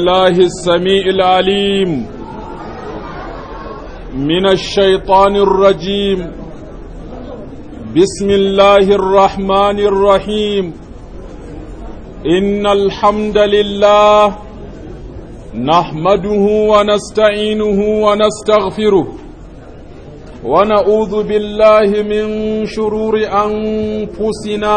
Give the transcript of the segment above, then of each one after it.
الله السميع العليم من الشيطان الرجيم بسم الله الرحمن الرحيم إن الحمد لله نحمده ونستعينه ونستغفره ونعوذ بالله من شرور أنفسنا ونعوذ بالله من شرور أنفسنا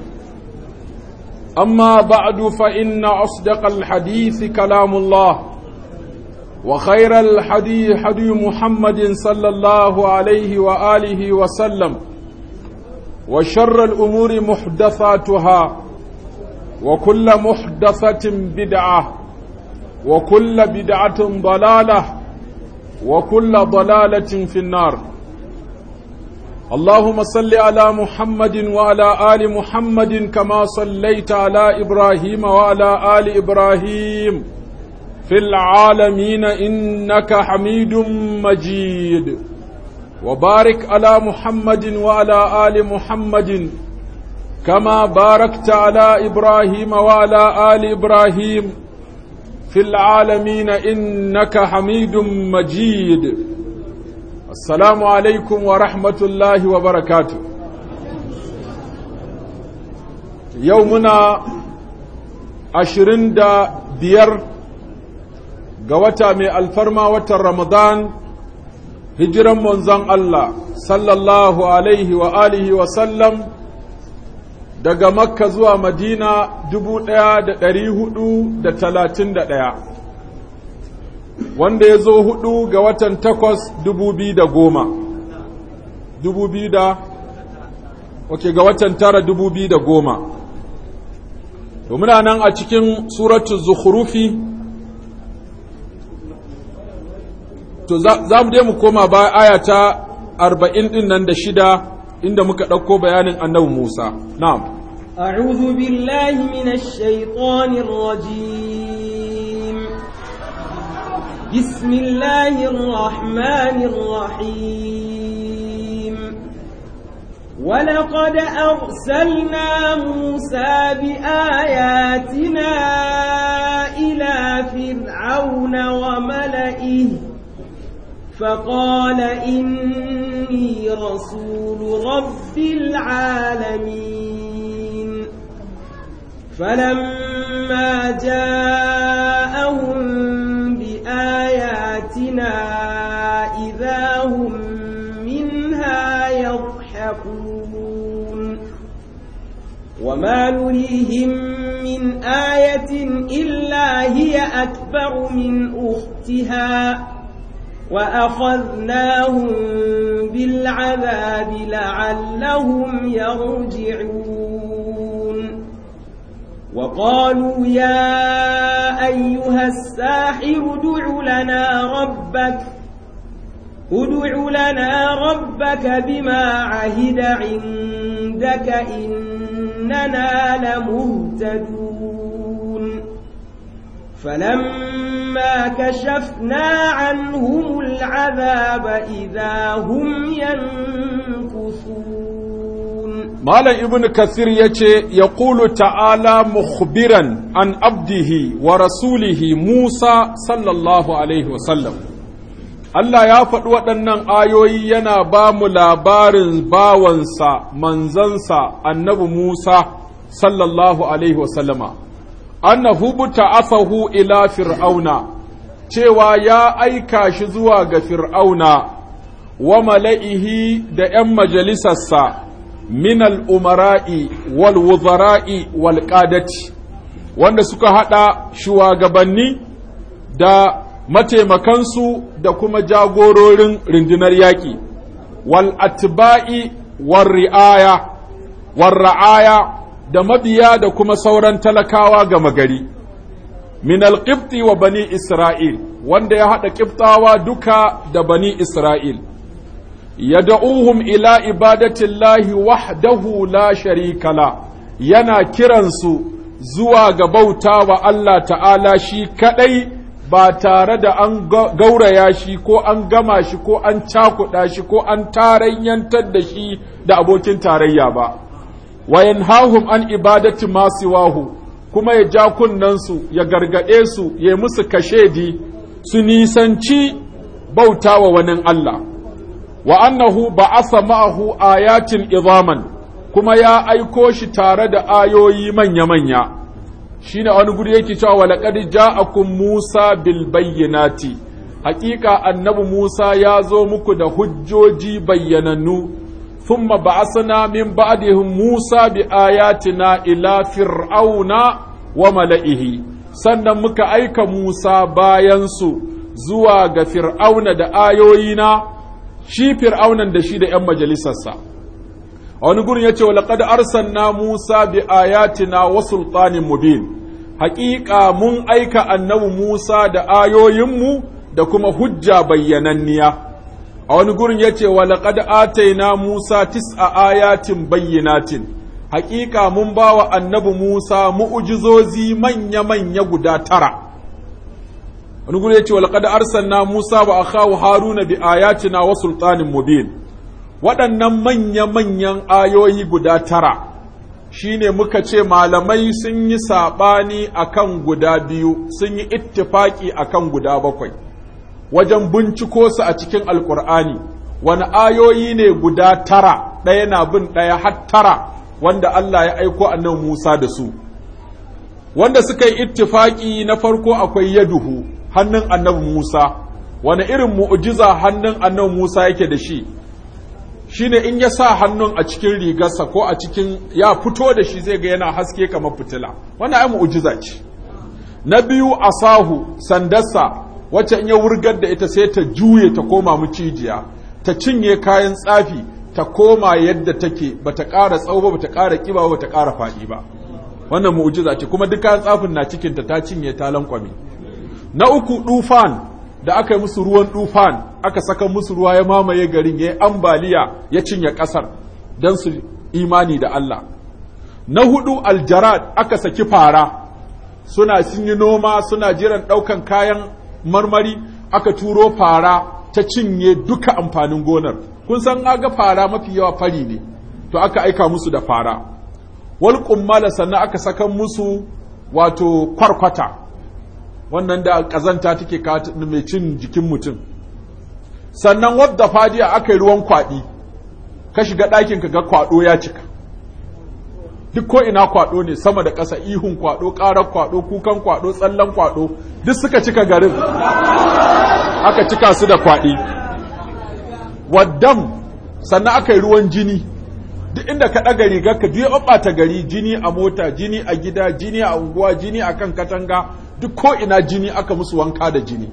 أما بعد فإن أصدق الحديث كلام الله وخير الحديث حدي محمد صلى الله عليه وآله وسلم وشر الأمور محدثاتها وكل محدثة بدعة وكل بدعة ضلالة وكل ضلالة في النار اللهم صل على محمد وعلى آل محمد كما صليت على إبراهيم وعلى آل إبراهيم في العالمين إنك حميد مجيد وبارك على محمد وعلى آل محمد كما باركت على إبراهيم وعلى آل إبراهيم في العالمين إنك حميد مجيد assalamu alaikum wa rahmatullahi wa barakatu yau muna ashirin da biyar ga wata mai alfarma watan ramadan hijiran manzon Allah sallallahu alaihi wa alihi wa sallam daga makka zuwa madina dubu ɗaya da ɗari hudu da talatin da ɗaya wanda ya zo hudu ga watan takwas dubu biyu da goma dubu biyu da ok ga watan tara dubu biyu da goma domina nan a cikin suratun zuhurufi to za mu dai mu koma ba aya ta arba'in din nan da shida inda muka ɗauko bayanin annabi musa na'am a'udhu billahi minash rajim بسم الله الرحمن الرحيم ولقد أرسلنا موسى بآياتنا إلى فرعون وملئه فقال إني رسول رب العالمين فلما جاءهم آياتنا إذا هم منها يضحكون وما نريهم من آية إلا هي أكبر من أختها وأخذناهم بالعذاب لعلهم يرجعون وقالوا يا أيها الساحر ادع لنا ربك ادع لنا ربك بما عهد عندك إننا لمهتدون فلما كشفنا عنهم العذاب إذا هم ينكثون malam ibn kasir ya ce ya ƙulu ta'ala mukhbiran an abdihi wa rasulihi musa sallallahu alaihi wasallam Allah ya faɗi waɗannan ayoyi yana ba mu labarin bawansa manzansa annabi musa sallallahu alaihi wasallama annahu buta'athahu ila fir'auna cewa ya aika shi zuwa ga fir'auna wa mala'ihi da ‘yan majalisarsa min al'umara'i wal wuzara'i wal wanda suka haɗa shugabanni da mataimakansu da kuma jagororin rundunar yaƙi wal atba'i wal ri'aya da mabiya da kuma sauran talakawa gama gari min alƙibti wa bani isra'il wanda ya haɗa ƙibtawa duka da bani isra'il uhum ila ibadatillahi wahdahu la sharika la yana kiransu zuwa ga bauta wa Allah ta'ala shi kadai ba tare da an gauraya shi ko an gama shi ko an cakuɗa shi ko an tarayyantar da shi da abokin tarayya ba wa yanhahum an ibadati ma siwahu kuma ya ja kunnensu ya gargaɗe su ya musu kashedi su nisanci bautawa wani Allah wa annahu ba'asa ma'ahu ayatin izaman kuma ya aiko shi tare da ayoyi manya-manya shine wani guri yake cewa wa laqad ja'akum Musa bil bayyinati haqiqa annabi Musa ya zo muku da hujjoji bayyanannu thumma ba'asna min ba'dihim Musa bi ayatina ila fir'auna wa mala'ihi sannan muka aika Musa bayan su zuwa ga fir'auna da ayoyina shi fir'aunan da shi da 'yan majalisarsa a wani gurin ya ce wa laƙad arsanna musa bi ayatina wa sultanin mubin haƙiƙa mun aika annabi musa da ayoyinmu da kuma hujja bayyananniya a wani gurin ya ce wa laƙad ataina musa tis'a ayatin bayyinatin haƙiƙa mun ba wa annabi musa mu'ujizozi manya-manya guda tara wani guri ya ce walƙada na musa wa kawo haruna bi ayatina wa sultanin mubin waɗannan manya-manyan ayoyi guda tara shine muka ce malamai sun yi saɓani a kan guda biyu sun yi ittifaƙi kan guda bakwai wajen binciko su a cikin alkur'ani wani ayoyi ne guda tara ɗaya na bin ɗaya har tara wanda Allah ya aiko nan Musa da su wanda suka yi ittifaƙi na farko akwai yaduhu hannun annabi Musa wani irin mu'ujiza hannun annabi Musa yake da shi shine in ya sa hannun a cikin rigarsa ko a cikin ya fito da shi zai ga yana haske kamar fitila wannan ai mu'jiza ce na biyu asahu sandarsa wacce in ya wurgar da ita sai ta juye ta koma mucijiya ta cinye kayan tsafi ta koma yadda take bata ƙara tsawo ba bata ƙara ƙiba ba bata ƙara faɗi ba wannan mu'jiza ce kuma duk kayan tsafin na cikin ta ta cinye ta lankwame na uku dufan da aka yi musu ruwan dufan aka saka musu ruwa ya mamaye garin ya yi ambaliya ya cinye ƙasar don su imani da Allah na hudu aljarad aka saki fara suna sun yi noma suna jiran ɗaukan kayan marmari aka turo fara ta cinye duka amfanin gonar kun san aga fara mafi yawa fari ne to aka aika musu da fara wal kummala sannan aka saka musu wato kwarkwata wannan da ƙazanta take mai cin jikin mutum sannan wadda fadiya aka yi ruwan kwaɗi ka shiga ɗakin ka ga kwaɗo ya cika duk ko ina kwaɗo ne sama da ƙasa ihun kwaɗo ƙarar kwaɗo kukan kwaɗo tsallan kwaɗo duk suka cika garin aka cika su da kwaɗi waddam sannan aka yi ruwan jini duk inda ka ɗaga rigar ka duk ya ɓata gari jini a mota jini a gida jini a unguwa jini a kan katanga duk ko ina jini aka musu wanka da jini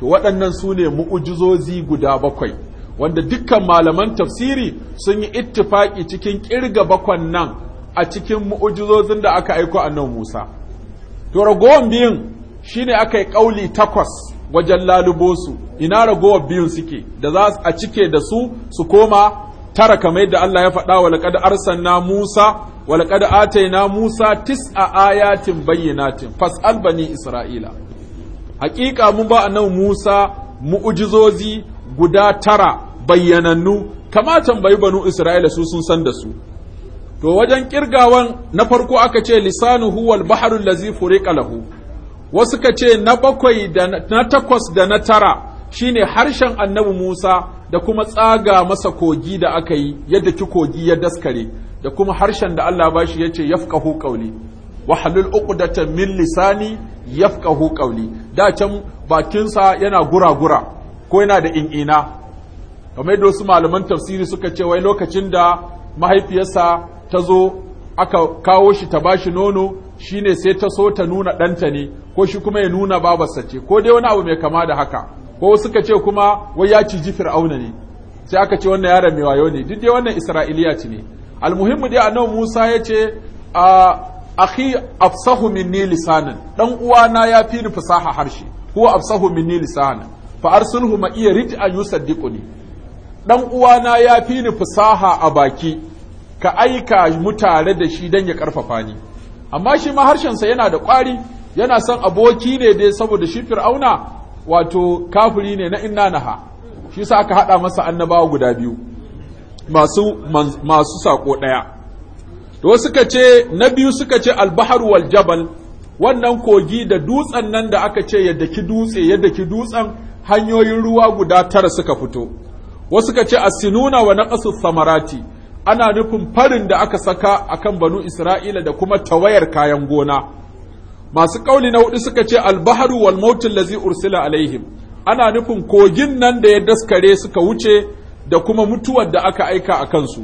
to waɗannan su ne mu'ujizozi guda bakwai wanda dukkan malaman tafsiri sun yi ittifaki cikin kirga bakwan nan a cikin mu'ujizozin da aka aiko a nan Musa to ragowar biyun shine aka yi kauli takwas wajen lalubosu ina ragowar biyun suke da za a cike da su su koma tara kamar yadda Allah ya faɗa wa laqad arsalna Musa Walƙada ataina Musa tis'a ayatin bayyinatin fas'al bani Isra'ila haƙiƙa mun ba annabi Musa mu'ujizozi guda tara bayyanannu kama tambayi banu Isra'ila su sun san da su to wajen kirgawan na farko aka ce lisanu huwal bahrul ladzi furiqa lahu wasu ka ce na bakwai da na takwas da na tara shine harshen annabi Musa da kuma tsaga masa kogi da aka yi yadda ki kogi ya daskare da kuma harshen da Allah ba shi yace yafqahu qawli wa halul uqdata min lisani yafqahu qawli da can bakinsa yana gura-gura ko yana da in'ina kamar da wasu malaman tafsiri suka ce wai lokacin da mahaifiyarsa ta zo aka kawo shi ta bashi nono shine sai ta so ta nuna ɗanta ne ko shi kuma ya nuna babarsa ce ko dai wani abu mai kama da haka ko suka ce kuma wai ya ciji fir'auna ne sai aka ce wannan yaron mai wayo ne duk dai wannan isra'iliya ce ne almuhimmu dai annabi Musa ya ce a akhi afsahu minni lisanan dan uwana ya fi ni fasaha harshe huwa afsahu minni lisanan fa arsilhu ma iya rid an yusaddiquni dan uwana ya fi ni fasaha a baki ka aika mu da shi dan ya karfafa ni amma shi ma sa yana da kwari yana son aboki ne dai saboda shi fir'auna wato kafuri ne na inna naha shi sa aka haɗa masa annabawa guda biyu masu masu sako daya to suka ce na biyu suka ce al wal jabal wannan kogi da dutsen nan da aka ce yadda ki dutse yadda ki dutsen hanyoyin ruwa guda tara suka fito wasu suka ce as-sinuna wa naqasu samarati ana nufin farin da aka saka akan banu Isra'ila da kuma tawayar kayan gona masu kauli na hudu suka ce al-bahr wal mautul ladzi ursila alaihim ana nufin kogin nan da ya daskare suka wuce da kuma mutuwar da aka aika a kansu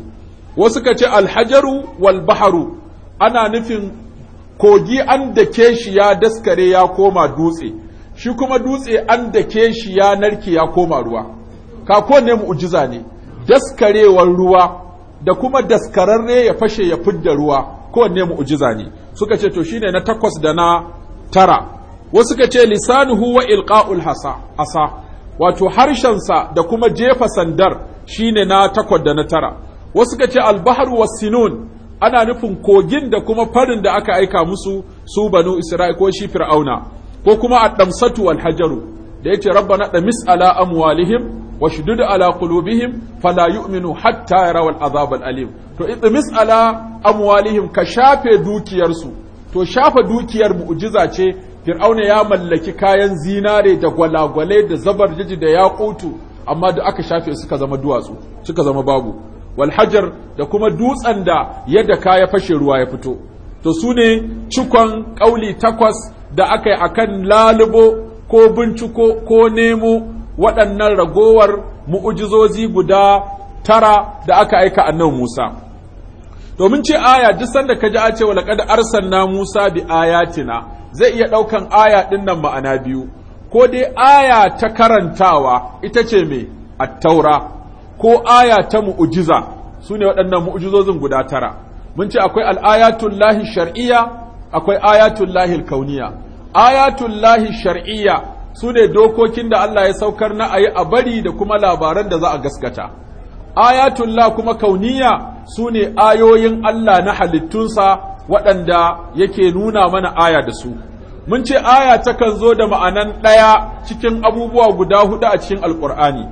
wasu ka ce alhajaru wal baharu ana nufin kogi an dake shi ya daskare ya koma dutse shi kuma dutse an dake shi ya narke ya koma ruwa kako ne mu'jiza ne daskarewar ruwa da kuma daskararre ya fashe ya fidda ruwa kowanne mu'jiza ne suka ce to shine na takwas da na tara wasu suka ce lisanuhu wa ilqa'ul hasa asa wato harshensa da kuma jefa sandar shine na takwas da na tara wasu ka ce albahru wasinun ana nufin kogin da kuma farin da aka aika musu su banu isra'i ko shi fir'auna ko kuma addamsatu wal hajaru da yace rabbana damis ala amwalihim washdud ala qulubihim fala yu'minu hatta yaraw al azab al alim to idmis ala amwalihim ka shafe dukiyarsu to shafa dukiyar mu'jiza ce fir'auna ya mallaki kayan zinare da gwalagwale da zabarjiji da yaqutu amma da aka shafe suka zama duwatsu suka zama babu Walhajar da kuma dutsen da yadda ka ya fashe ruwa ya fito to su ne cikon kauli takwas da aka yi akan lalubo ko binciko ko nemo waɗannan ragowar mu'ujizozi guda tara da aka aika annabi Musa domin ce aya duk sanda kaji a ce walaqad na Musa bi ayatina zai iya ɗaukan aya ɗin nan ma'ana biyu ko dai aya ta karantawa ita ce mai attaura ko aya ta mu'ujiza su ne waɗannan mu'ujizozin guda tara mun ce akwai al'ayatun lahi shar'iyya akwai ayatun lahi kauniya ayatun lahi shar'iyya su ne dokokin da Allah ya saukar na a yi a bari da kuma labaran da za a gaskata ayatun la kuma kauniya su ne ayoyin Allah na halittunsa waɗanda yake nuna mana aya da su mun ce aya takan zo da ma'anan ɗaya cikin abubuwa guda hudu a cikin alkur'ani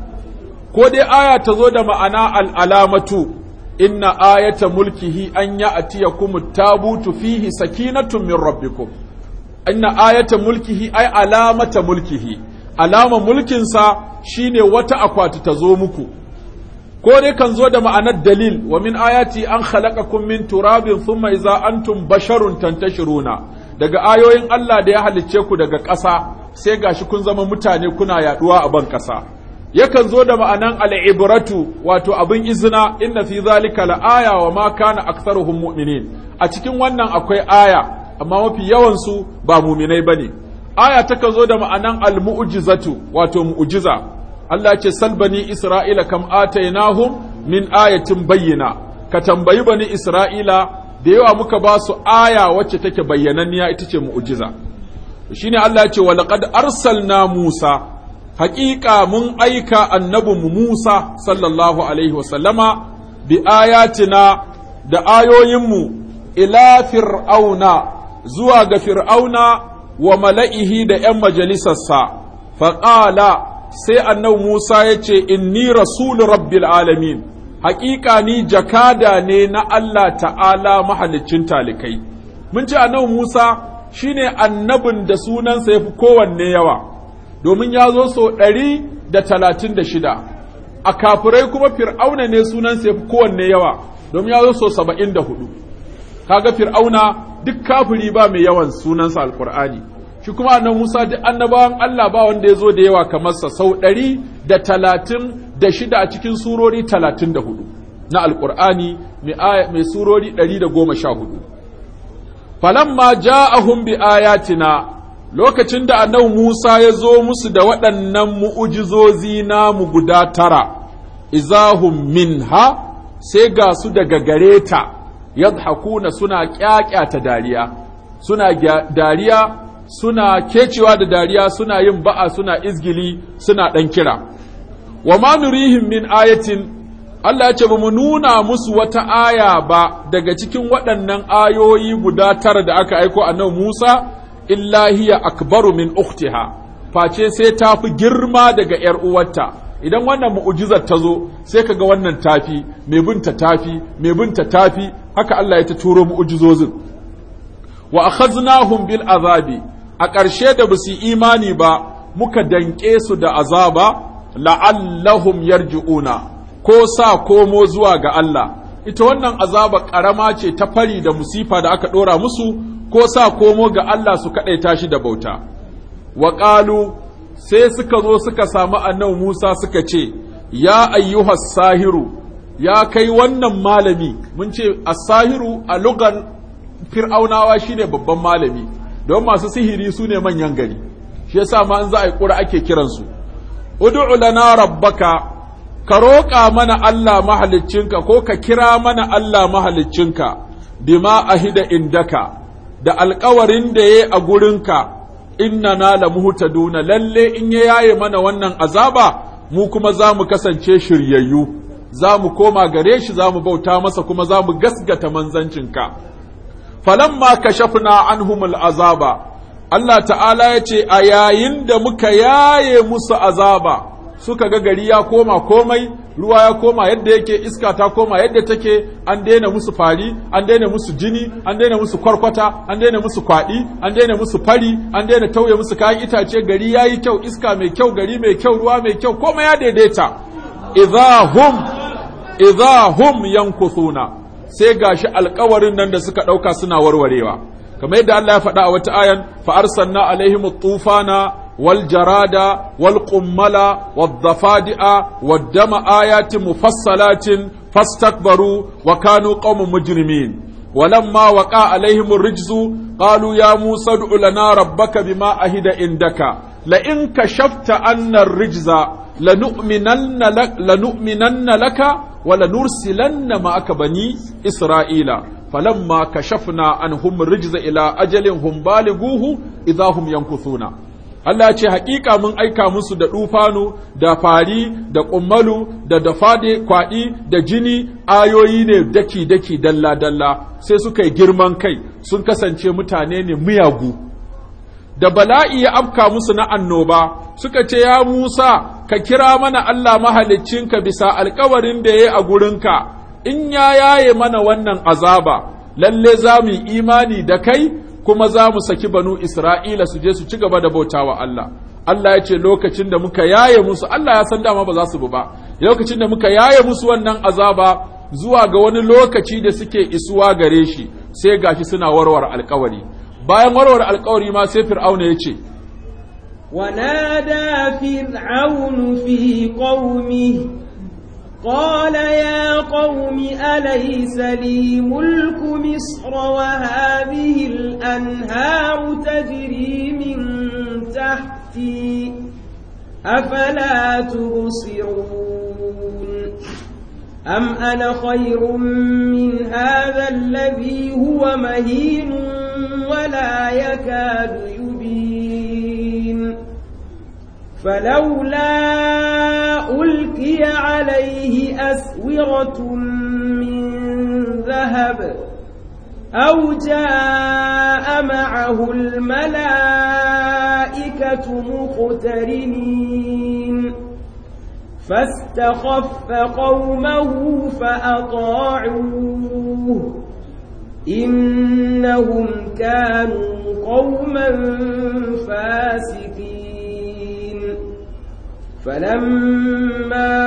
ko dai aya ta zo da ma'ana al'alamatu inna ayata mulkihi an ya atiya kuma tabutu fihi sakinatun min rabbikum inna ayata mulkihi ai alamata mulkihi alama mulkinsa shine wata akwati ta zo muku ko dai kan zo da ma'anar dalil wa min ayati an khalaqakum min turabin thumma iza antum basharun tantashiruna daga ayoyin Allah da ya halicce ku daga ƙasa sai gashi kun zama mutane kuna yaduwa a ban ƙasa yakan zo da ma'anan al'ibratu wato abin izina inna fi zalika la'aya wa ma kana aktsaruhum mu'minin a cikin wannan akwai aya amma mafi yawan su ba mu'minai bane aya takan zo da ma'anan al-mu'jizatu wato mu'jiza Allah ce salbani isra'ila kam hum min ayatin bayyina ka tambayi bani isra'ila da yawa muka ba su aya wacce take bayyananniya ita ce mu'ujiza shine Allah ya ce wa laqad arsalna Musa haƙiƙa mun aika annabinmu Musa sallallahu alaihi wa sallama bi ayatina da ayoyinmu ila fir'auna zuwa ga fir'auna wa mala'ihi da ‘yan majalisarsa faƙala sai annabi Musa ya ce inni rasul rabbil alamin haƙiƙa ni jakada ne na Allah ta'ala mahalicin talikai mun ci annabi Musa shine annabin da sunansa yafi kowanne yawa domin ya zo so ɗari da talatin da shida a kafirai kuma fir'auna ne sunansa yafi kowanne yawa domin ya zo so saba'in da hudu kaga fir'auna duk kafiri ba mai yawan sunansa alkur'ani shi kuma annabi Musa duk annabawan Allah ba wanda ya zo da yawa kamar sa sau ɗari da talatin da shida a cikin surori talatin da hudu na Alƙur'ani mai surori ɗari da goma sha hudu falamma a humbi ayatina lokacin da anan Musa ya zo musu da waɗannan mu'ujizozi namu guda tara izahun minha sai ga su daga gare ta hakuna suna ƙyaƙyata dariya suna dariya suna kecewa da dariya suna yin ba'a suna izgili suna ɗan kira wa ma nurihim min ayatin Allah ya ce ba mu nuna musu wata aya ba daga cikin waɗannan ayoyi guda tara da aka aiko nan Musa illa hiya akbaru min ukhtiha face sai ta fi girma daga ‘yar uwarta, idan wannan mu'ujizar ta zo sai kaga wannan tafi, mai binta tafi, mai binta tafi, haka Allah ya ta turo mu'ujizozin. Wa akhaznahum bil azabi, a ƙarshe da basu yi imani ba, muka danƙe su da azaba, la'allahum yarji'una ko sa komo zuwa ga Allah ita wannan azaba ƙarama ce ta fari da musifa da aka ɗora musu ko sa komo ga Allah su kadaita shi da bauta wa qalu sai suka zo suka samu annabi Musa suka ce ya ayyuhas sahiru ya kai wannan malami mun ce as-sahiru a lugan fir'aunawa shine babban malami don masu sihiri su ne manyan gari shi yasa ma an za a yi ƙura ake kiransu ud'u lana rabbaka ka roƙa mana Allah mahaliccinka ko ka kira mana Allah mahaliccinka bima ahida indaka da alƙawarin da yayi a gurinka innana la muhtaduna lalle in ya yaye mana wannan azaba mu kuma za mu kasance shiryayyu za mu koma gare shi za mu bauta masa kuma za mu gasgata manzancinka falamma kashafna anhumul azaba Allah ta'ala ya ce a yayin da muka yaye musu azaba suka ga gari ya koma komai ruwa ya koma yadda yake iska ta koma yadda take an daina musu fari an daina musu jini an daina musu kwarkwata an daina musu kwaɗi an daina musu fari an daina tauye musu kayan itace gari ya yi kyau iska mai kyau gari mai kyau ruwa mai kyau komai ya daidaita idahum idahum yankusuna sai gashi alkawarin nan da suka ɗauka suna warwarewa kamar yadda Allah ya faɗa a wata ayan fa alaihimu alaihim tufana wal jarada wal qummala wad dafadi'a mufassalatin fastakbaru wa kanu qauman mujrimin ولما وقع عليهم الرجز قالوا يا موسى ادع لنا ربك بما أهد عندك لئن كشفت أن الرجز لنؤمنن لك, لنؤمنن لك ولنرسلن معك بني إسرائيل falamma kashafna anhum rijza ila ajalin hum baliguhu idza hum suna. Allah ce hakika mun aika musu da dufanu da fari da kummalu da dafade kwadi da jini ayoyi ne daki daki dalla dalla sai suka yi girman kai sun kasance mutane ne miyagu da bala'i ya afka musu na annoba suka ce ya Musa ka kira mana Allah ka bisa alkawarin da yayi a gurinka in ya yaye mana wannan azaba lalle za mu yi imani da kai kuma za mu saki banu isra'ila su je su ci gaba da bautawa Allah Allah ya ce lokacin da muka yaye musu Allah ya san dama ba za su bu ba lokacin da muka yaye musu wannan azaba zuwa ga wani lokaci da suke isuwa gare shi sai gashi suna warware alkawari bayan warware alkawari ma sai fir'auna ya ce ونادى فرعون في قومه قال يا قوم أليس لي ملك مصر وهذه الأنهار تجري من تحتي أفلا تبصرون أم أنا خير من هذا الذي هو مهين ولا يكاد يبصر فلولا ألقي عليه أسورة من ذهب أو جاء معه الملائكة مقترنين فاستخف قومه فأطاعوه إنهم كانوا قوما فاسقين فلما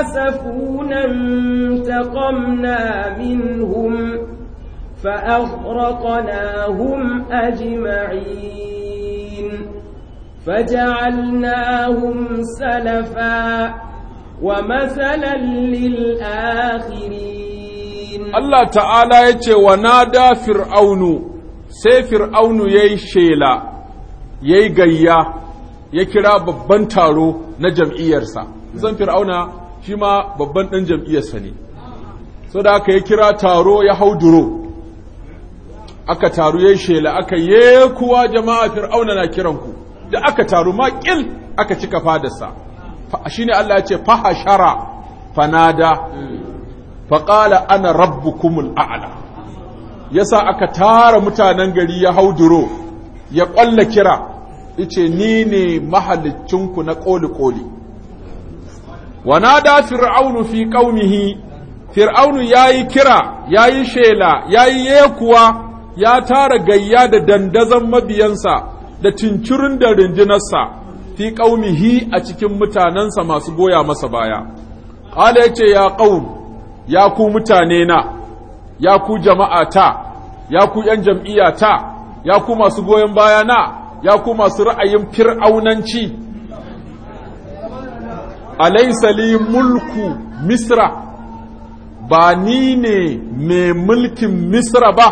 آسفونا انتقمنا منهم فأغرقناهم أجمعين فجعلناهم سلفا ومثلا للآخرين الله تعالى يتي ونادى فرعون sai fir'aunu ya yi shela ya yi gayya ya kira babban taro na jam'iyyarsa zan fir'auna shi ma babban ɗan jam'iyyarsa ne so da aka ya kira taro ya hau duro aka taru ya shela aka yi kuwa jama'a fir'auna na kiranku da aka taru maƙil aka cika fadarsa shi ne Allah ya ce fahashara fanada faƙala ana kumul a'ala Ya sa aka tara mutanen gari ya hau duro ya ƙwalla kira yace ni ne ku na koli-koli wanada fir'aunu fi qaumihi fir'aunu yayi kira yayi shela yayi yekuwa ya tara gayya da dandazan mabiyansa da cincirin da rindinarsa fi qaumihi a cikin mutanansa masu goya masa baya qala yace ya qaum ya ku mutane na ya ku jama'a ya ku yan jam'iyya ta ya ku masu goyon baya na ya ku masu ra'ayin fir'aunanci alaisali li mulku misra ba ni ne mai mulkin misra ba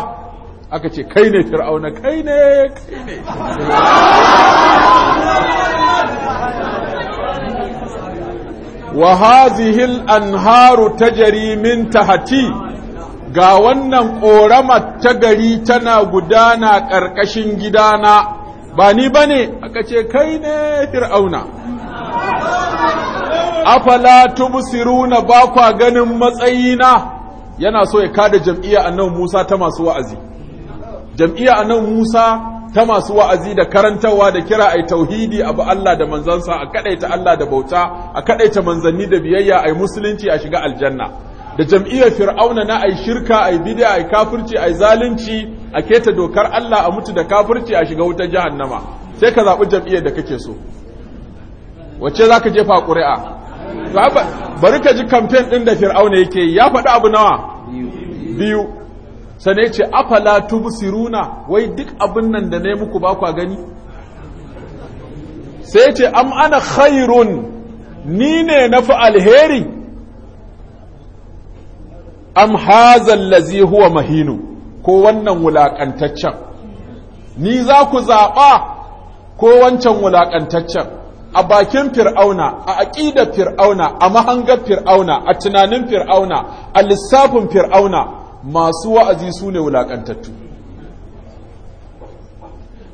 aka ce kai ne fir'auna kai ne kai ne wa hazihi al-anharu tajri min tahti ga wannan korama tagari tana gudana ƙarƙashin gidana ba ni ba ne aka ce kai ne fir'auna afala tubsiruna ba kwa ganin matsayina yana so ya kada jam'iyya annabi Musa ta masu wa'azi jam'iyya annabi Musa ta masu wa'azi da karantawa da kira ai tauhidi abu Allah da manzansa a kadaita Allah da bauta a kadaita manzanni da biyayya ai musulunci a shiga aljanna da jam'iyyar fir'auna na ai shirka ai bid'a ai kafirci ai zalunci a keta dokar Allah a mutu da kafirci a shiga wutar jahannama sai ka zaɓi jam'iyyar da kake so wacce za ka jefa ƙuri'a bari ka ji kamfen ɗin da fir'auna yake ya faɗi abu nawa biyu sane ce afala siruna, wai duk abin nan da na yi muku ba kwa gani sai ce am ana khairun ni ne na fi alheri am hazan lazi huwa mahinu ko wannan wulaƙantaccen ni za ku zaɓa ko wancan wulaƙantaccen a bakin fir'auna a aƙidar fir'auna a mahangar fir'auna a tunanin fir'auna a lissafin fir'auna masu wa'azi su ne wulaƙantattu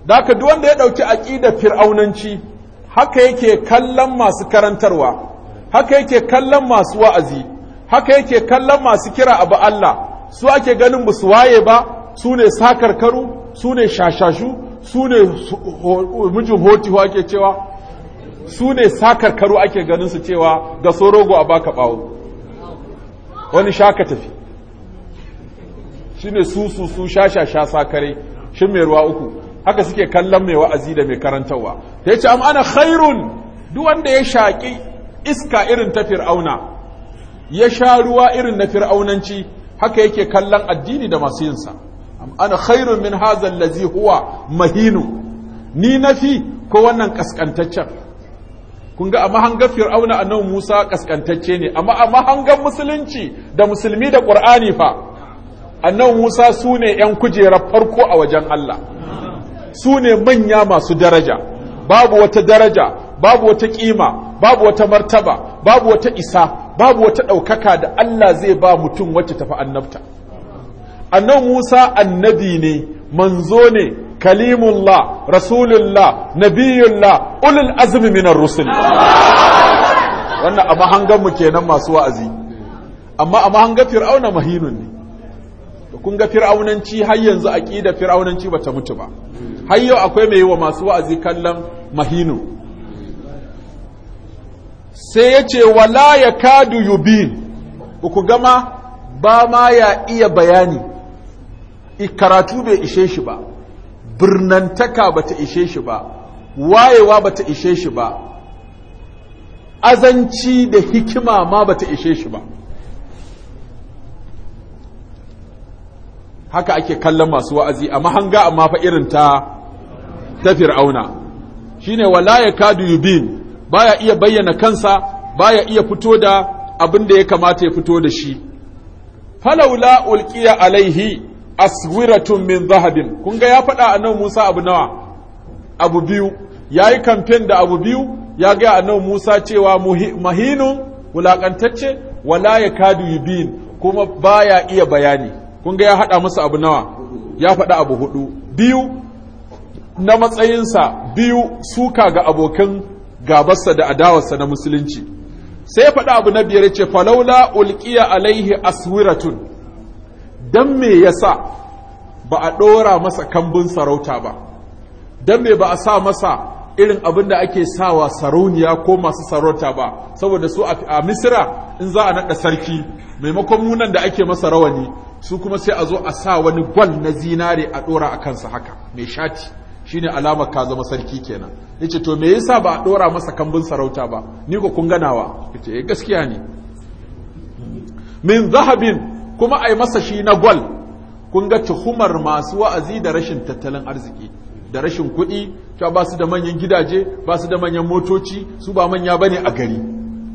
daka duk wanda ya ɗauki aƙidar fir'aunanci haka yake kallon masu karantarwa haka yake kallon masu wa'azi haka yake kallon masu kira abu Allah su ake ganin ba su waye ba su ne sakarkaru su ne shashashu su ne mijin hotihu ake cewa su ne sakarkaru ake ganin su cewa ga sorogo a baka bawo wani shaka tafi shi ne su su su shashasha sakare shi mai ruwa uku haka suke kallon mai wa'azi da mai karantarwa ta yace amma ana khairun duk wanda ya shaƙi iska irin ta fir'auna ya sha ruwa irin na fir'aunanci haka yake kallon addini da masu yinsa ana khairun min hazan lazi huwa mahinu ni nafi ko wannan kaskantaccen kun ga a mahangar fir'auna a nan Musa kaskantacce ne amma a mahangar musulunci da musulmi da ƙur'ani fa nan Musa sune yan kujerar farko a wajen Allah sune manya masu daraja babu wata daraja babu wata kima babu wata martaba babu wata isa babu wata ɗaukaka da Allah zai ba mutum wacce tafi annabta annan Musa annabi ne manzo ne kalimullah rasulullah nabiyullah ulul azmi minar rusul wannan a mahangan mu kenan masu wa'azi amma a mahangan fir'auna mahinun ne kun ga fir'aunanci har yanzu da fir'aunanci bata mutu ba har yau akwai mai yi wa masu wa'azi kallon mahinu sai ya ce wala ya kadu yubin uku gama ba ma ya iya bayani karatu bai ishe shi ba birnantaka ba ta ishe shi ba wayewa ba ta ishe shi ba azanci da hikima ma ba ta ishe shi ba haka ake kallon masu wa'azi a mahanga amma fa irin ta ta fir'auna shine wala ya kadu yubin baya iya bayyana kansa baya iya fito da abin da ya kamata ya fito da shi falaula ulqiya alaihi aswiratun min zahabin kun ga ya faɗa annabi Musa abu nawa abu biyu yayi campaign da abu biyu ya ga annabi Musa cewa mahinun wulakantacce wala yakadu yubin kuma baya iya bayani kun ga ya haɗa musu abu nawa ya faɗa abu hudu biyu na matsayinsa biyu suka ga abokan gabarsa da adawarsa na musulunci sai faɗa abu na biyar ce falaula ulkiya alaihi aswiratun Don me yasa ba a ɗora masa kambun sarauta ba Don me ba a sa masa irin abin da ake sawa sarauniya ko masu sarauta ba saboda su a misira in za a naɗa sarki maimakon munan da ake masa rawani su kuma sai a zo a sa wani gwal na zinare a ɗora a kansa haka mai shati Shi ne alamar ka zama sarki kenan ce to me yasa ba a dora masa kambun sarauta ba ni ko kun ganawa ya ce eh gaskiya ne min zahabin kuma a yi masa shi na gwal. kun ga tuhumar masu wa'azi da rashin tattalin arziki da rashin kuɗi cewa ba su da manyan gidaje ba su da manyan motoci su ba manya bane a gari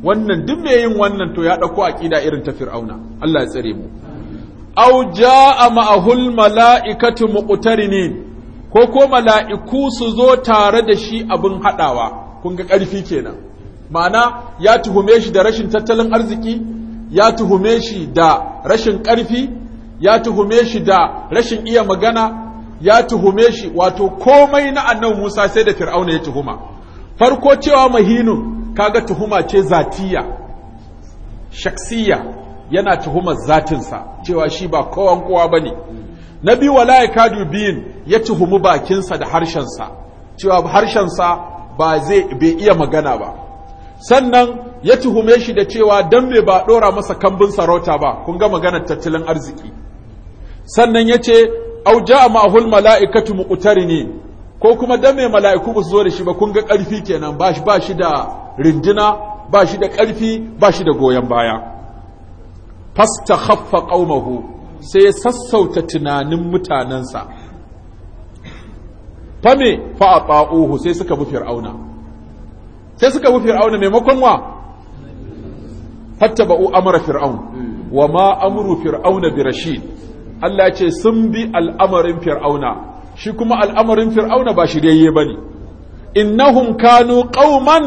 wannan duk me yin wannan to ya dauko aqida irin ta fir'auna Allah ya tsare mu au jaa ma'ahul mala'ikatu muqtarinin ko ko mala'iku su zo tare da shi abin haɗawa kun ga ƙarfi kenan ma'ana ya tuhume shi da rashin tattalin arziki ya tuhume shi da rashin ƙarfi ya tuhume shi da rashin iya magana ya tuhume shi wato komai na annan Musa sai da Fir'auna ya tuhuma farko cewa mahinun kaga tuhuma ce zatiya shaksiya yana tuhumar zatinsa cewa shi ba kowan kowa bane na biyu wala ya kadu biyin ya tuhumi bakinsa da harshensa cewa harshensa ba zai bai iya magana ba sannan ya tuhume shi da cewa dan mai ba ɗora masa kambin sarauta ba kun ga maganar tattalin arziki sannan ya ce au ja'a ma'hul mala'ikatu ne, ko kuma dan mai mala'iku ba su zo da shi ba kun ga karfi kenan ba shi da rindina ba shi da ƙarfi, ba shi da goyon baya Fasta fastakhaffa qaumahu sai ya sassauta tunanin mutanensa fame fa'ata'uhu sai suka bi fir'auna sai suka bi fir'auna maimakon wa fattaba'u amara fir'aun wa ma amru fir'auna bi rashid Allah ce sun bi al'amarin fir'auna shi kuma al'amarin fir'auna ba shi shiryayye bane innahum kanu qauman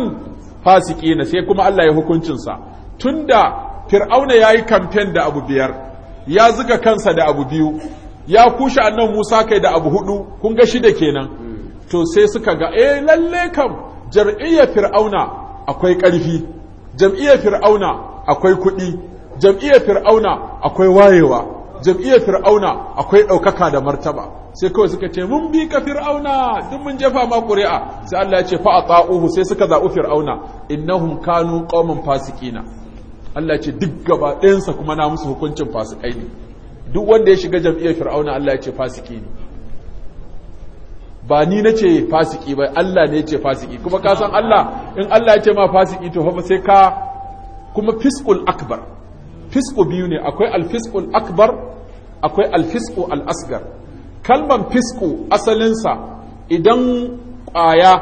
fasiqina sai kuma Allah ya hukuncinsa tunda fir'auna yayi kamfen da abu biyar ya zuga kansa da abu biyu ya kushe annan Musa kai da abu hudu kun ga shida kenan to sai suka ga eh lalle kam jam'iyyar fir'auna akwai ƙarfi jam'iyyar fir'auna akwai kuɗi jam'iyyar fir'auna akwai wayewa jam'iyyar fir'auna akwai ɗaukaka da martaba sai kawai suka ce mun bi ka fir'auna duk mun jefa ma ƙuri'a sai Allah ya ce fa ata'uhu sai suka zaɓi fir'auna innahum kanu qauman fasikina. Allah ce duk gaba ɗinsa kuma na musu hukuncin fasikai ne duk wanda ya shiga jam'iyyar fir'auna Allah ya ce fasiki ne ba ni na ce fasiki ba Allah ne ya ce fasiki kuma ka san Allah in Allah ya ce ma fasiki to fa sai ka kuma fisqul akbar fisqu biyu ne akwai fisqul akbar akwai alfisqu al-asgar kalman Fisku asalinsa idan ƙwaya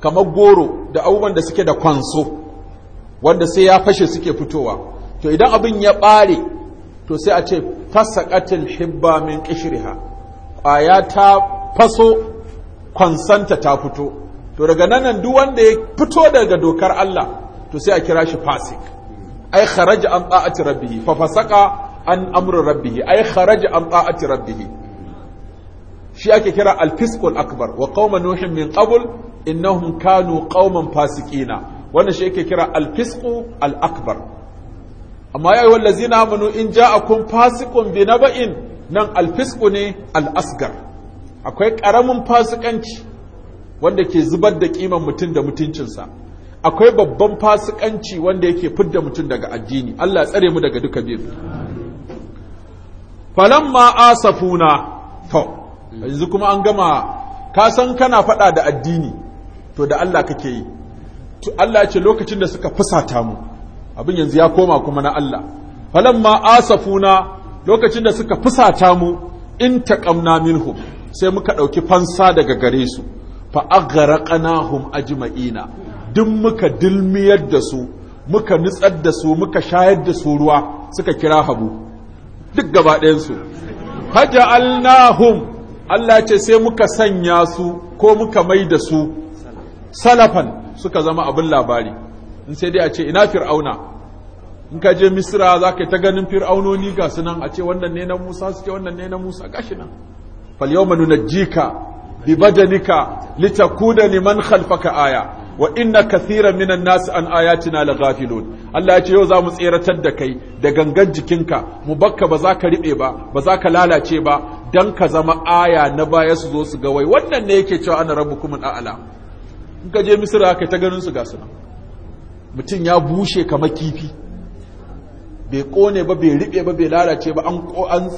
kamar goro da abubuwan da suke da kwanso wanda sai ya fashe suke fitowa to idan abin ya bare to sai a ce fasaqatil hibba min qishriha ƙwaya ta faso kwansanta ta fito to daga nan duk wanda ya fito daga dokar Allah to sai a kira shi fasik ai kharaja an ta'ati rabbih fa fasaqa an amru rabbih ai kharaja an ta'ati rabbih shi ake kira al-fisqul akbar wa qauma nuhin min qabl innahum kanu qauman fasikina wannan shi yake kira Al-Fisqu, al-akbar amma ya ayyuhal ladzina amanu in ja'akum fasiqun bi naba'in nan alfisqu ne al-asgar akwai karamin fasikanci wanda ke zubar da ƙiman mutum da mutuncinsa akwai babban fasikanci wanda yake fidda mutum daga addini Allah ya tsare mu daga duka biyu falamma asafuna to yanzu kuma an gama ka san kana faɗa da addini to da Allah kake yi to Allah ya ce lokacin da suka fusata mu abin yanzu ya koma kuma na Allah falamma asafuna lokacin da suka fusata mu in taqamna minhum sai muka dauki fansa daga gare su fa aghraqnahum ajma'ina duk muka dilmiyar da su muka nutsar da su muka shayar da su ruwa suka kira habu duk gaba ɗayan su faja'alnahum Allah ce sai muka sanya su ko muka mai da su salafan suka zama abin labari in sai dai a ce ina fir'auna in ka je Misira za ka yi ta ganin fir'aunoni ga su nan a ce wannan ne na musa suke wannan ne na musa gashi nan fal yau manu na jika bi badanika litakuda liman khalfaka aya wa inna kathira minan nasu an ayatina la ghafilun Allah ya ce yau za mu tseratar da kai da gangan jikinka mu bakka ba za ka riɓe ba ba za ka lalace ba don ka zama aya na baya su zo su ga wai wannan ne yake cewa ana rabu kuma a'la in ka je misira aka ta ganin su gasu nan mutum ya bushe kama kifi bai kone ba bai riɓe ba bai lalace ba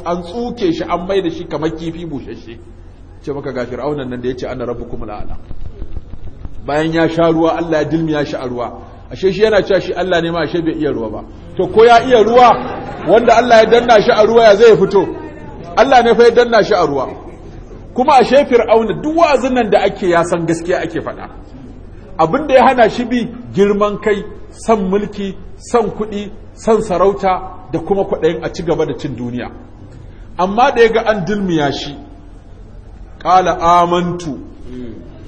an tsuke shi an mai da shi kama kifi bushashe ce maka ga fir'aunan nan da ya ce ana rabu kuma la'ala bayan ya sha ruwa Allah ya ya shi a ruwa ashe shi yana cewa shi Allah ne ma ashe bai iya ruwa ba to ko ya iya ruwa wanda Allah ya danna shi a ruwa ya zai fito Allah ne fa ya danna shi a ruwa kuma ashe fir'auna duk wa'azin nan da ake ya san gaskiya ake faɗa abin da ya hana shi bi girman kai san mulki san kuɗi san sarauta da kuma kwaɗayin a ci gaba da cin duniya amma da ya ga an dilmiya shi ƙala amantu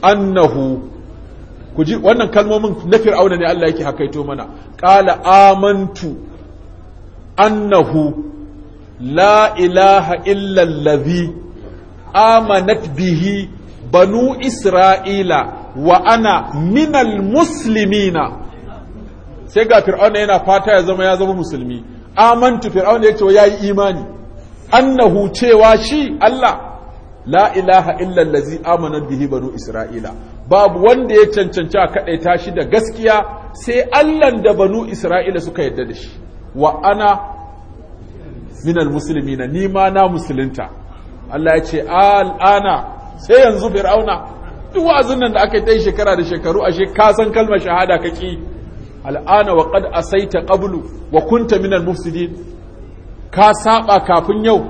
annahu ku ji wannan kalmomin na fir'auna ne Allah yake hakaito mana ƙala amantu annahu la ilaha illallazi amanat bihi banu isra'ila wa ana minal muslimina sai ga fir'auna yana fata ya zama ya zama musulmi amantu fir'auna ya ce ya yi imani annahu cewa shi Allah la ilaha illa allazi amana bihi banu isra'ila babu wanda ya cancanci a kadaita shi da gaskiya sai Allah da banu isra'ila suka yadda da shi wa ana minal muslimina ni ma na musulunta Allah ya ce al'ana sai yanzu fir'auna duk wa'azin nan da aka yi ta shekara da shekaru ashe ka san kalmar shahada kake al'ana wa qad asaita qablu wa kunta minal mufsidin ka saba kafin yau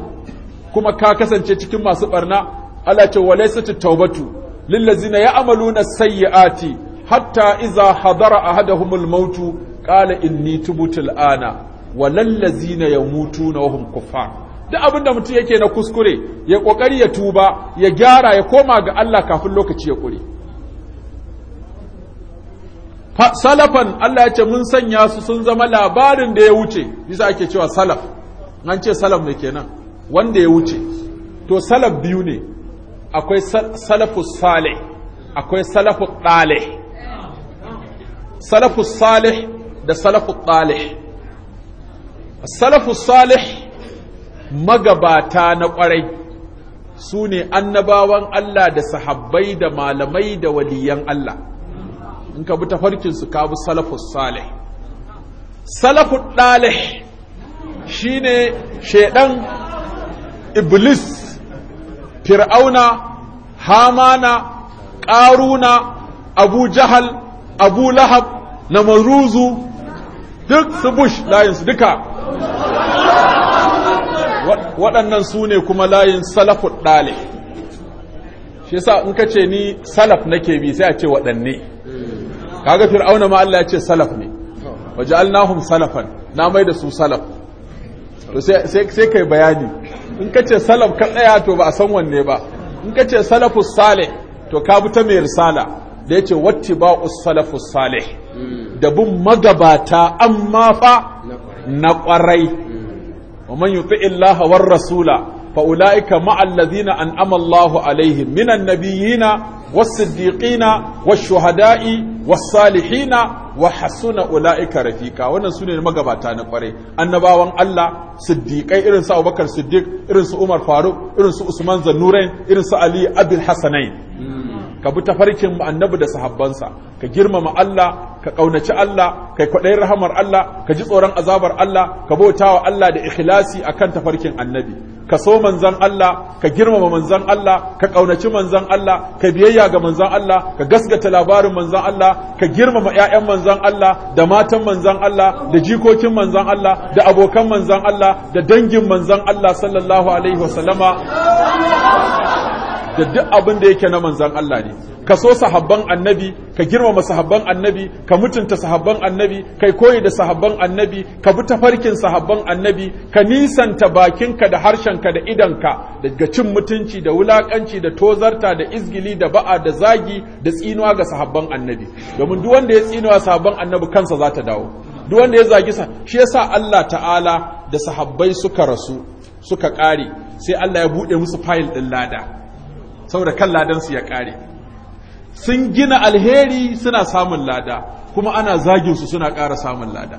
kuma ka kasance cikin masu ɓarna. Allah ce wa laysat tawbatu lil ladzina ya'maluna sayyiati hatta iza hadara mautu, maut qala inni tubtu ana wa lil ladzina yamutuna wa hum kuffar duk abin da mutum yake na kuskure ya kokari ya tuba ya gyara ya koma ga Allah kafin lokaci ya kure salafan Allah ya ce mun sanya su sun zama labarin da ya wuce bisa ake cewa salaf an ce salaf ne kenan wanda ya wuce to salaf biyu ne akwai salafus salih akwai salafus talih salafus salih da salafus talih salafus salih magabata na ƙwarai su ne annabawan Allah da sahabbai da malamai da waliyan Allah in ka bi tafarkinsu ka bi salafus salih salafus dalih shi ne shaidan iblis fir'auna hamana ƙaruna abu jahal abu lahab na maruzu duk su bush layinsu duka waɗannan su ne kuma layin salafu ɗale shi sa in ka ce ni salaf na ke bi sai a ce waɗanne kaga fir'auna ma Allah ya ce salaf ne alnahun salafan na mai da su salaf to sai kai bayani in ka ce salaf ka tsaya to ba a san wanne ba in ka ce salafus sale to ka bi ta mai risala da ya ce wattiba'us salafu sale da bin magabata amma fa na kwarai wa man yuti illaha war rasula fa ulaika ma'al ladina an'ama Allahu alaihim minan nabiyina wa siddiqina wa shuhada'i was salihina wa hasuna ulaika rafika. wannan sune magabata na kware annabawan Allah siddiqai irin su Abubakar Siddiq irin su Umar Faruk irin su Usman Zanurain, irin su Ali Abdul Hasanain ka bi tafarkin annabi da sahabbansa ka girmama Allah ka kaunaci Allah kai kwaɗayin rahamar Allah ka ji tsoron azabar Allah ka bautawa Allah da ikhlasi akan tafarkin annabi ka so manzan Allah ka girmama manzan Allah ka kaunaci manzan Allah ka biyayya ga manzan Allah ka gaskata labarin manzan Allah ka girmama ƴaƴan manzan Allah da matan manzan Allah da jikokin manzan Allah da abokan manzan Allah da dangin manzan Allah sallallahu alaihi wasallama da duk abin da yake na manzan Allah ne ka so sahabban annabi ka girmama sahabban annabi ka mutunta sahabban annabi kai koyi da sahabban annabi ka bi tafarkin sahabban annabi ka nisanta bakinka da harshenka da idanka daga cin mutunci da wulakanci da tozarta da izgili da ba'a da zagi da tsinuwa ga sahabban annabi domin duk wanda ya tsinuwa sahabban annabi kansa za ta dawo duk wanda ya zagi sa shi yasa Allah ta'ala da sahabbai suka rasu suka ƙare sai Allah ya buɗe musu fayil ɗin lada saboda kan ladansu ya kare sun gina alheri suna samun lada kuma ana zaginsu suna ƙara samun lada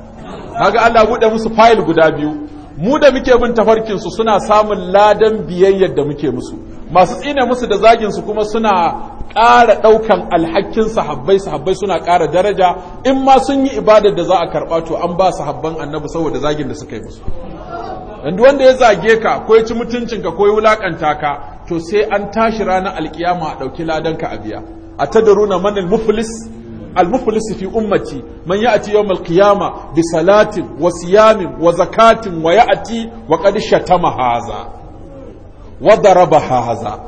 kaga Allah buɗe musu fayil guda biyu mu da muke bin tafarkin su suna samun ladan biyayyar da muke musu masu tsine musu da zagin su kuma suna ƙara ɗaukan alhakin sahabbai sahabbai suna ƙara daraja in ma sun yi ibadar da za a karɓa to an ba sahabban annabi saboda zagin da suka yi musu wanda ya zage ka ko ya ci mutuncinka ko ya wulakanta ka to sai an tashi ranar alkiyama a ɗauki ladanka a biya a ta da runa manin muflis al fi ummati man ya'ti yawm al-qiyama bi salatin wa siyamin wa zakatin wa ya'ti wa qad shatama haza wa daraba haza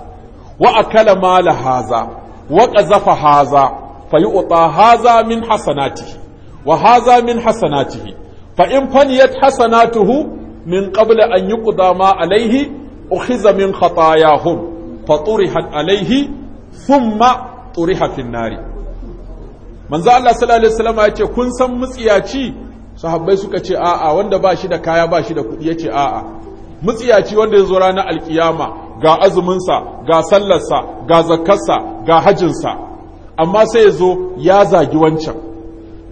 wa akala haza wa qazafa haza fa yu'ta haza min hasanatihi wa haza min hasanatihi fa in faniyat hasanatuhu min qabla an yuqda ma alayhi ukhiza min khatayahum faturihat alaihi thumma turiha fin nari manzo Allah sallallahu alaihi wasallam ya ce kun san mutsiyaci sahabbai suka ce a'a wanda ba shi da kaya ba shi da kuɗi yace a'a mutsiyaci wanda ya zo ranar alƙiyama ga azuminsa ga sallarsa ga zakarsa ga hajinsa amma sai ya zo ya zagi wancan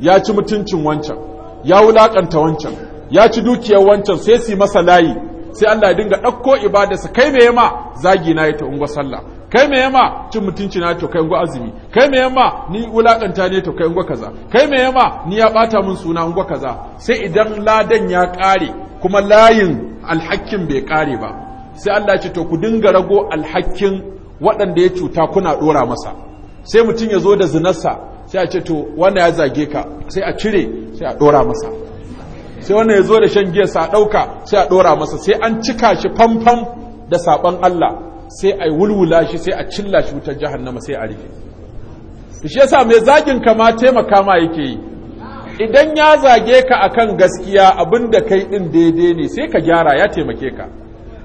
ya ci mutuncin wancan ya wulaƙanta wancan ya ci dukiyar wancan sai su masa layi sai Allah ya dinga ɗauko ibadarsa kai me yama zagi na ya ta sallah kai me yama cin mutunci na to kai ungo azumi kai me yama ni wulakanta ne to kai ungo kaza kai me yama ni ya bata min suna ungo kaza sai idan ladan ya ƙare kuma layin alhakin bai ƙare ba sai Allah ya ce to ku dinga rago alhakin waɗanda ya cuta kuna ɗora masa sai mutum ya zo da zinarsa sai a ce to wanda ya zage ka sai a cire sai a ɗora masa sai wannan ya zo da shan giya sa ɗauka sai a ɗora masa sai an cika shi famfam da saɓon Allah sai a wulwula shi sai a cilla shi wutar jahannama sai a rufe shi yasa mai zagin ka ma taimaka ma yake yi idan ya zage ka akan gaskiya abin da kai din daidai ne sai ka gyara ya taimake ka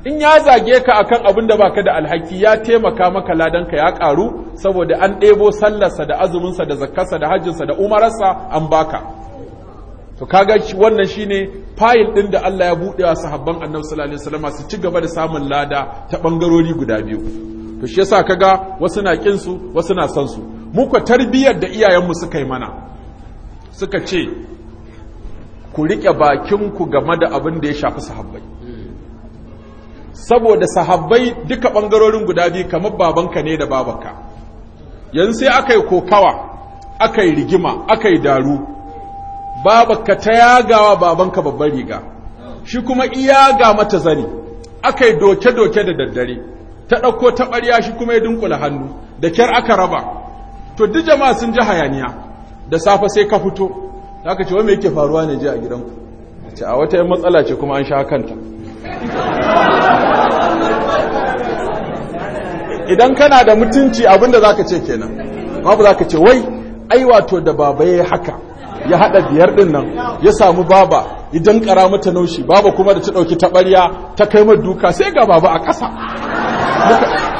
in ya zage ka akan abin da baka da alhaki ya taimaka maka ladan ka ya karu saboda an ɗebo sallarsa da azuminsa da zakkarsa da hajjinsa da umararsa an baka to kaga wannan shine fayil din da Allah ya bude wa sahabban Annabi sallallahu alaihi wasallam su ci gaba da samun lada ta bangarori guda biyu to shi yasa kaga wasu na kin su wasu na san su mu ko tarbiyyar da iyayen mu suka yi mana suka ce ku rike bakin ku game da abin da ya shafi sahabbai saboda sahabbai duka bangarorin guda biyu kamar babanka ne da babanka yanzu sai aka kokawa aka rigima aka daru ka ta yagawa babanka babban riga shi kuma iyaga mata zani aka doke-doke da daddare ta ɗauko ɓarya shi kuma ya dinkula hannu da kyar aka raba to duk jama'a sun ji hayaniya da safe sai ka fito aka ce wai me yake faruwa ne ji a gidanku ce a wata yan matsala ce kuma an sha kanta idan kana da mutunci abinda zaka ce kenan babu zaka ce wai ai wato da baba yayi haka ya haɗa biyar ɗin nan ya samu baba idan ƙara mata naushi baba kuma da ta ɗauki taɓarya ta kai mata duka sai ga baba a ƙasa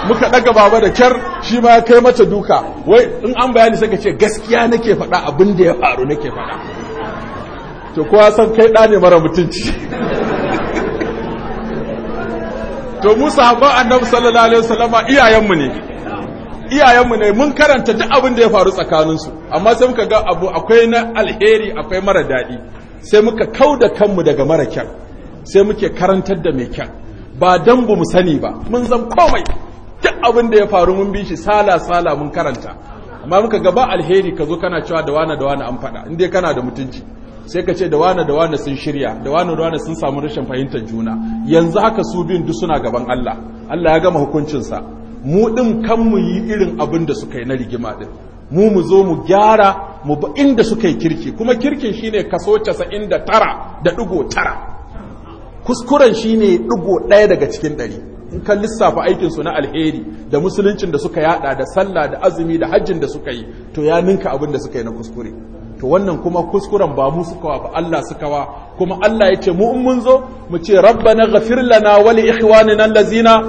muka ɗaga baba da kyar shi ma ya kai mata duka wai in an bayani sai ka ce gaskiya nake faɗa abin da ya faru nake faɗa to kowa san kai ɗa ne mara mutunci to musa ba annabi sallallahu alaihi wasallama mu ne iyayenmu ne mun karanta duk abin da ya faru tsakaninsu amma sai muka ga abu akwai na alheri akwai mara daɗi sai muka kau da kanmu daga mara kyan sai muke karantar da mai kyan ba don mu sani ba mun zan komai duk abin da ya faru mun bi shi sala-sala mun karanta amma muka gaba alheri ka zo kana cewa da wane da wane an faɗa inda kana da mutunci sai ka ce da wane da wane sun shirya da wane da wane sun samu rashin fahimtar juna yanzu haka su biyun duk suna gaban Allah Allah ya gama hukuncinsa mu ɗin kan mu yi irin abin da suka yi na rigima ɗin mu mu zo mu gyara mu ba inda suka yi kirki kuma kirkin shine kaso casa'in da tara da ɗigo tara kuskuren shine ɗigo ɗaya daga cikin ɗari in kan lissafa aikinsu na alheri da musuluncin da suka yada da sallah da azumi da hajjin da suka yi to ya ninka abin da suka yi na kuskure to wannan kuma kuskuren ba mu suka wa ba Allah suka wa kuma Allah ya ce mu in mun zo mu ce rabbana ghafir lana wa li ikhwanina allazina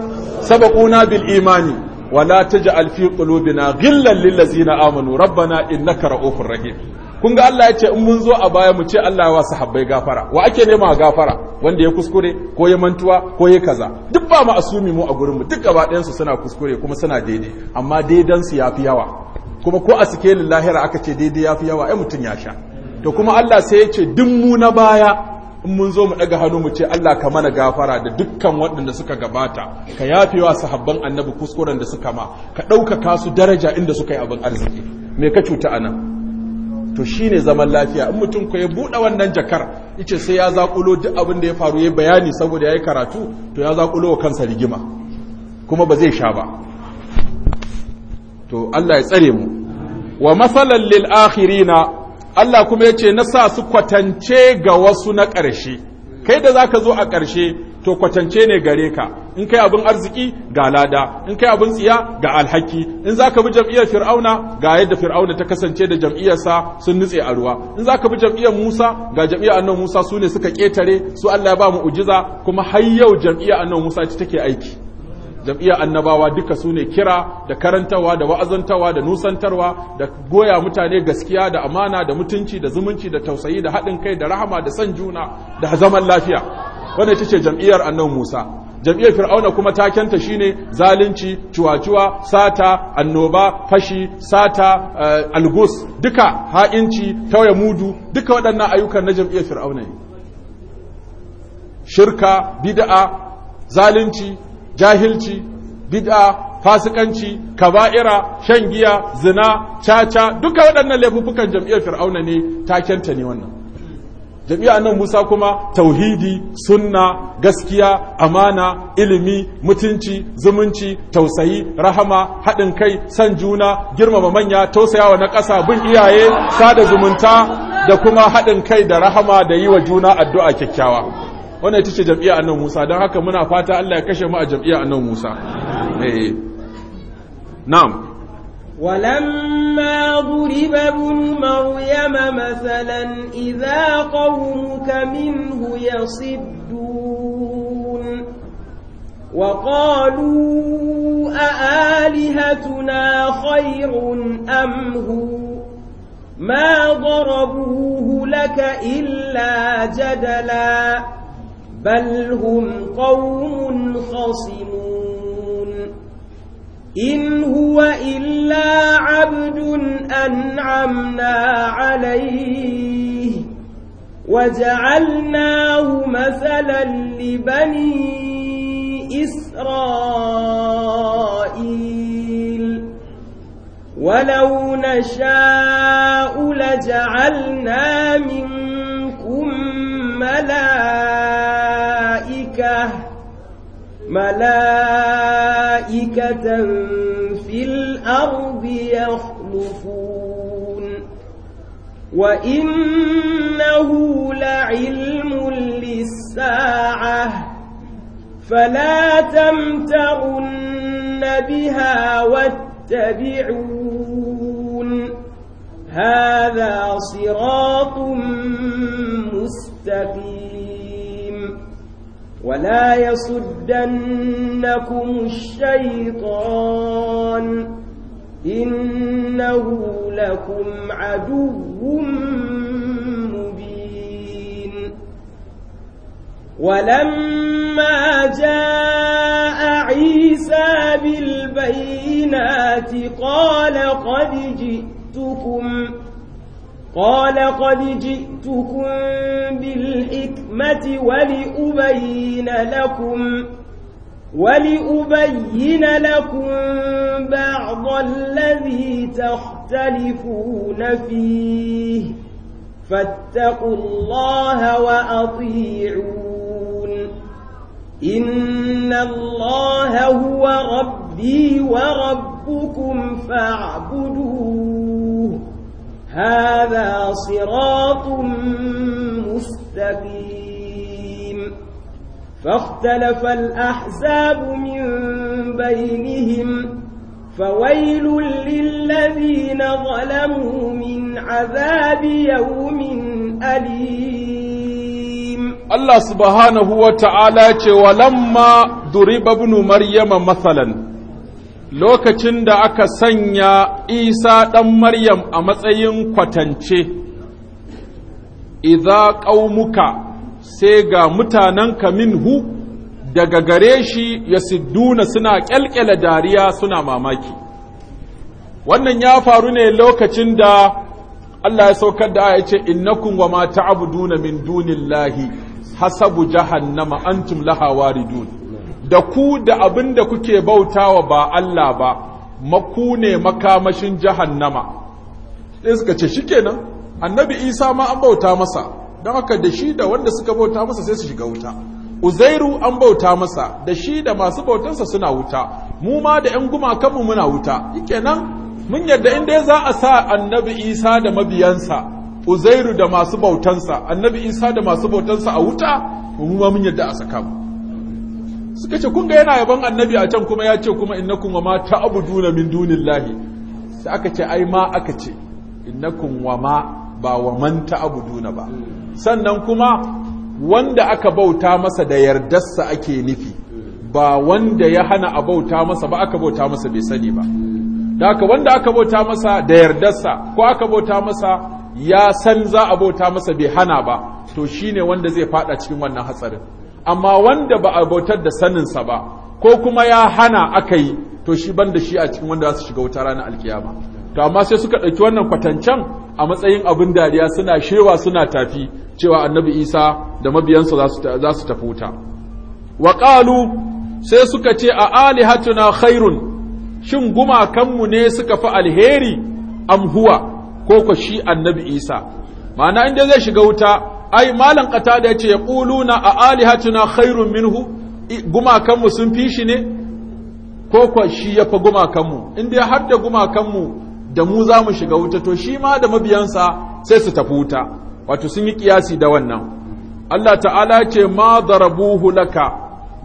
sabaquna bil imani wa la taj'al fi qulubina ghillan lil ladzina amanu rabbana innaka ra'ufur rahim kun ga Allah ya ce in mun zo a baya mu ce Allah ya wa sahabbai gafara wa ake nema gafara wanda ya kuskure ko ya mantuwa ko ya kaza duk ba mu asumi mu a gurin mu duk gaba ɗayan su suna kuskure kuma suna daidai amma daidan su yafi yawa kuma ko a sikelin lahira aka ce daidai ya fi yawa ya mutum ya sha to kuma Allah sai ya ce duk mu na baya in mun zo mu daga hannu mu ce Allah ka mana gafara da dukkan waɗanda suka gabata ka yafewa sahabban annabi kuskuren da suka ma ka ɗaukaka su daraja inda suka yi abin arziki me ka cuta anan to shi ne zaman lafiya in mutum ko ya buɗe wannan jakar ce sai ya zaƙulo duk abin da ya faru ya bayani saboda ya yi karatu to ya zaƙulo wa kansa rigima kuma ba zai sha ba to Allah ya tsare mu wa masalan lil akhirina Allah kuma yace na sa su kwatance ga wasu na ƙarshe kai da zaka zo a ƙarshe to kwatance ne gare ka in kai abin arziki ga lada in kai abin tsiya ga alhaki in zaka bi jam'iyyar fir'auna ga yadda fir'auna ta kasance da jam'iyyar sa sun nutse a ruwa in zaka bi jam'iyyar Musa ga jam'iyyar annabi Musa su ne suka ketare su Allah ya ba mu ujiza kuma har yau jam'iyyar annabi Musa ce take aiki Jam'iyya annabawa duka su ne kira da karantarwa da wa'azantawa da nusantarwa da goya mutane gaskiya da amana da mutunci da zumunci da tausayi da haɗin kai da rahama da san juna da zaman lafiya wannan ita ce jam'iyyar annan Musa jam'iyyar fir'auna kuma takenta shine zalunci ciwaciwa sata annoba fashi sata eh, algus duka ha'inci tauye mudu duka waɗannan ayyukan na jam'iyyar fir'auna ne shirka bid'a zalunci jahilci bid'a fasikanci kaba'ira shan giya zina caca duka waɗannan laifukan jam'iyyar fir'auna ne takenta ne wannan jam'iyyar nan Musa kuma tauhidi sunna gaskiya amana ilimi mutunci zumunci tausayi rahama haɗin kai san juna girmama manya tausayawa na ƙasa bin iyaye sada zumunta da kuma haɗin kai da rahama da yi wa juna addu'a kyakkyawa wannan ita ce jam'iyyar annabi Musa don haka muna fata Allah ya kashe mu a jami'a annabi Musa eh na'am ولما ضرب ابن مريم مثلا إذا قومك منه يصدون وقالوا أآلهتنا خير أم amhu ما ضربوه لك إلا جدلاً بل هم قوم خصمون إن هو إلا عبد أنعمنا عليه وجعلناه مثلا لبني إسرائيل ولو نشاء لجعلنا من ملائكة ملائكة في الأرض يخلفون وإنه لعلم للساعة فلا تمترن بها واتبعون هذا صراط مستقيم ولا يصدنكم الشيطان إنه لكم عدو مبين ولما جاء عيسى بالبينات قال قد جئتكم قال قد جئتكم بالحكمة ولأبين لكم ولأبين لكم بعض الذي تختلفون فيه فاتقوا الله وأطيعون إن الله هو ربي وربكم فاعبدون هذا صراط مستقيم فاختلف الأحزاب من بينهم فويل للذين ظلموا من عذاب يوم أليم الله سبحانه وتعالى ولما ضرب ابن مريم مثلاً lokacin da aka sanya isa ɗan maryam a matsayin kwatance iza ƙaumuka sai ga mutanenka minhu daga gare shi ya sidduna suna ƙyalƙyala dariya suna mamaki wannan ya faru ne lokacin da Allah ya saukar da ya ce innakum wa ma ta'buduna min dunillahi hasabu jahannama antum laha waridun da ku da abin da kuke bautawa ba Allah ba maku ne makamashin jahannama sai suka ce shikenan annabi Isa ma an bauta masa don haka da shi da wanda suka bauta masa sai su shiga wuta Uzairu an bauta masa da shi da masu bautansa suna wuta mu ma da 'yan gumakanmu muna wuta kenan mun yadda inda za a sa annabi Isa da mabiyansa Uzairu da masu bautansa annabi Isa da masu bautansa a wuta mu ma mun yadda a saka mu suka ce kun yana yaban annabi a can kuma ya ce kuma innakum wa ma ta'buduna min dunillahi sai aka ce ai ma aka ce innakum wa ma ba wa man ta'buduna ba sannan kuma wanda aka bauta masa da yardarsa ake nufi ba wanda ya hana a bauta masa ba aka bauta masa bai sani ba da haka wanda aka bauta masa da yardarsa ko aka bauta masa ya san za a bauta masa bai hana ba to shine wanda zai fada cikin wannan hatsarin amma wanda ba a bautar da saninsa ba ko kuma ya hana aka yi to shi ban da shi a cikin wanda za su shiga wuta ranar alkiyama to amma sai suka ɗauki wannan kwatancen a matsayin abin dariya suna shewa suna tafi cewa annabi isa da mabiyansa za su tafi wuta wa ƙalu sai suka ce a Ali hatuna khairun shin gumakanmu ne suka fi alheri am huwa ko ko shi annabi isa ma'ana inda zai shiga wuta ai malan qatada yace na a alihatuna khairun minhu gumakan mu sun fi shi ne ko ko shi ya fa gumakan mu in dai har da gumakan mu da mu za mu shiga wuta to shi ma da mabiyansa sai su tafi wuta wato sun yi kiyasi da wannan Allah ta'ala ce ma darabuhu laka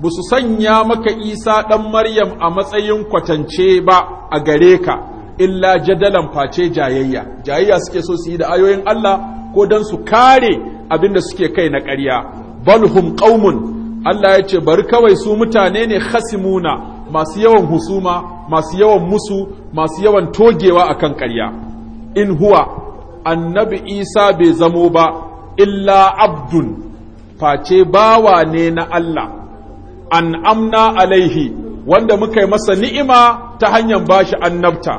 ba sanya maka Isa ɗan Maryam a matsayin kwatance ba a gare ka illa jadalan face jayayya jayayya suke so su yi da ayoyin Allah ko dan su kare abinda suke kai na ƙarya balhum qaumun Allah ya ce bari kawai su mutane ne khasimuna masu yawan husuma masu yawan musu masu yawan togewa akan ƙarya in huwa annabi Isa bai zamo ba illa abdun face bawa ne na Allah an amna alaihi wanda muka yi masa ni'ima ta hanyar bashi annabta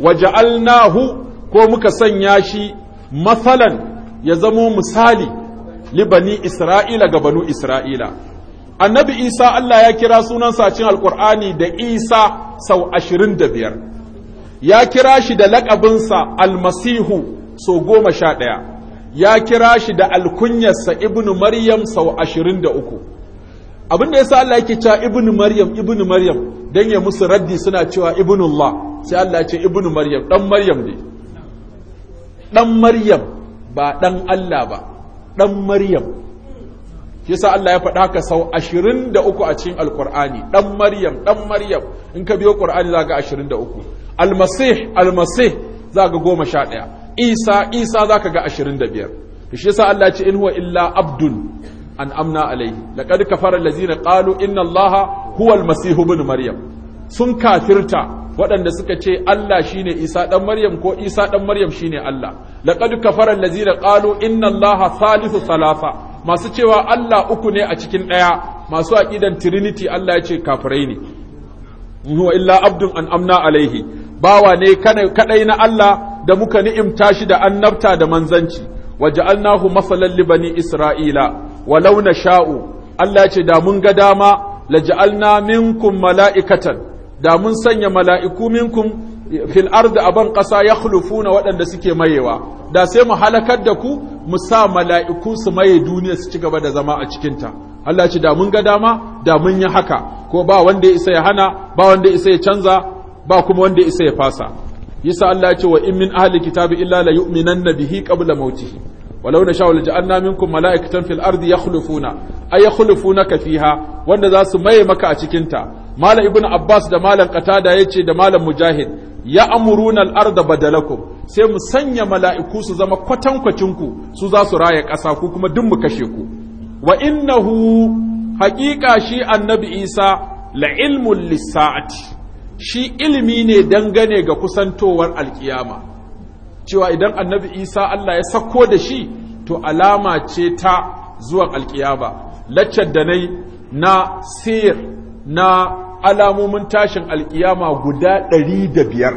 waja'alnahu ko muka sanya shi matsalan ya zamo misali libani isra'ila ga banu isra'ila annabi isa allah ya kira sunansa cin cikin alkur'ani da isa sau ashirin da biyar ya kira shi da laƙabinsa almasihu sau goma sha ɗaya ya kira shi da alkunyarsa ibnu maryam sau ashirin da uku abinda ya sa Allah yake cewa ibnu maryam ibnu maryam dan ya musu raddi suna cewa ibnullah sai Allah ya ce ibnu maryam dan maryam ne dan maryam ba ɗan Allah ba ɗan Maryam sa Allah ya faɗa ka sau 23 a cikin Alƙur'ani. ɗan Maryam ɗan Maryam in ka biyo Qur'ani za ga 23 almasih almasih za ga 11 Isa Isa za ka ga 25 shi sa Allah ya ce in huwa illa abdun an amna alaihi laqad kafara allazina qalu inna allaha huwa almasih ibn maryam sun kafirta waɗanda suka ce Allah shine Isa ɗan Maryam ko Isa ɗan Maryam shine Allah laqad kafara lazira ƙalo inna Allaha salisu salasa masu cewa Allah uku ne a cikin ɗaya masu aƙidan trinity Allah ya ce kafirai ne huwa illa abdun an amna alaihi bawa ne kaɗai na Allah da muka ni'imta shi da annabta da manzanci waja'alnahu masalan li bani isra'ila wa launa nasha'u Allah ya ce da mun ga dama laja'alna minkum mala'ikatan da mun sanya mala'iku minkum fil a ban ƙasa ya na waɗanda suke mayewa da sai mu halakar da ku mu sa mala'iku su maye duniya su ci gaba da zama a cikinta Allah ce da mun ga dama da mun yi haka ko ba wanda ya isa ya hana ba wanda ya isa ya canza ba kuma wanda ya isa ya fasa yasa Allah ce wa in min ahli kitabi illa la yu'minanna bihi qabla mautihi walau na sha'ul ja'anna minkum mala'ikatan fil ardi yakhlufuna ay yakhlufuna fiha wanda za su maye maka a cikinta malam Ibn abbas da malam qatada ya ce da malam mujahid ya amuruna al-arda badalakum sai mu sanya mala'iku su zama kwatankwacinku su za su raya ƙasa ku kuma duk mu kashe ku wa innahu haqiqa shi annabi isa la ilmun lis shi ilimi ne dangane ga kusantowar alkiyama cewa idan annabi isa Allah ya sako da shi to alama ce ta zuwan alƙiyama. laccar da na sir na alamomin tashin alkiyama guda ɗari da biyar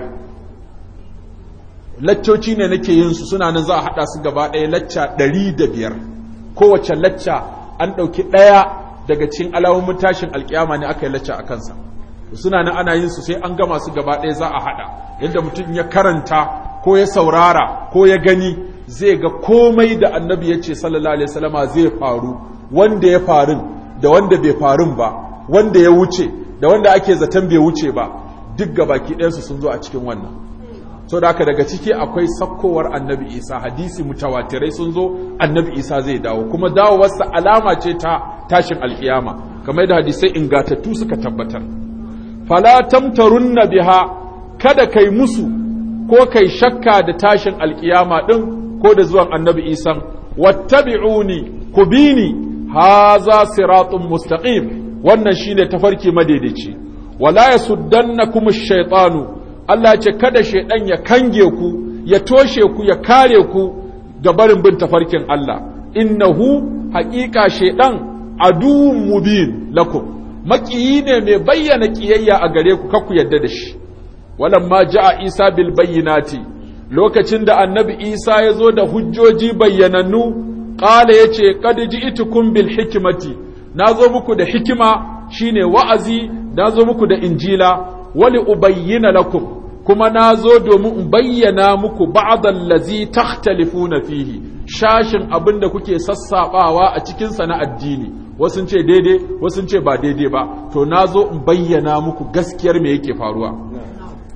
laccoci ne nake yin su suna nan za a haɗa su gaba ɗaya lacca ɗari da biyar kowace lacca an ɗauki ɗaya daga cikin alamomin tashin alkiyama ne aka yi lacca a kansa suna nan ana yin su sai an gama su gaba ɗaya za a haɗa yadda mutum ya karanta ko ya saurara ko ya gani zai ga komai da annabi ya ce sallallahu alaihi wasallama zai faru wanda ya farin da wanda bai farin ba wanda ya wuce da wanda ake zaton bai wuce ba duk ga gabaki ɗansu sun zo a cikin wannan so da haka daga ciki akwai sakkowar annabi isa hadisi mutawatirai sun zo annabi isa zai dawo kuma dawowarsa alama ce ta tashin alkiyama kamar da hadisai ingatattu suka tabbatar fala na biha kada kai musu ko kai shakka da tashin alkiyama ɗin ko da zuwan annabi isa wattabi'uni ku bi ni, bini haza siratun mustaqim wannan shi ne tafarki madaidaici wala ya na kuma shaitanu Allah ce kada shaidan ya kange ku ya toshe ku ya kare ku ga barin bin tafarkin Allah innahu haqiqa a aduwwun mubin lako makiyi ne mai bayyana ƙiyayya a gare ku kakku yadda da shi ma ji a isa bil bayyinati lokacin da annabi isa ya zo da hujjoji bayyanannu ƙala ya ce qad ji'tukum bil hikimati. na zo muku da hikima shine wa'azi na zo muku da injila wali ubayyana lakum kuma na zo domin in bayyana muku ba'dal lazi takhtalifuna fihi shashin abin da kuke sassabawa a cikin sana na addini wasu ce daidai wasu ce ba daidai ba to na zo in bayyana muku gaskiyar me yake faruwa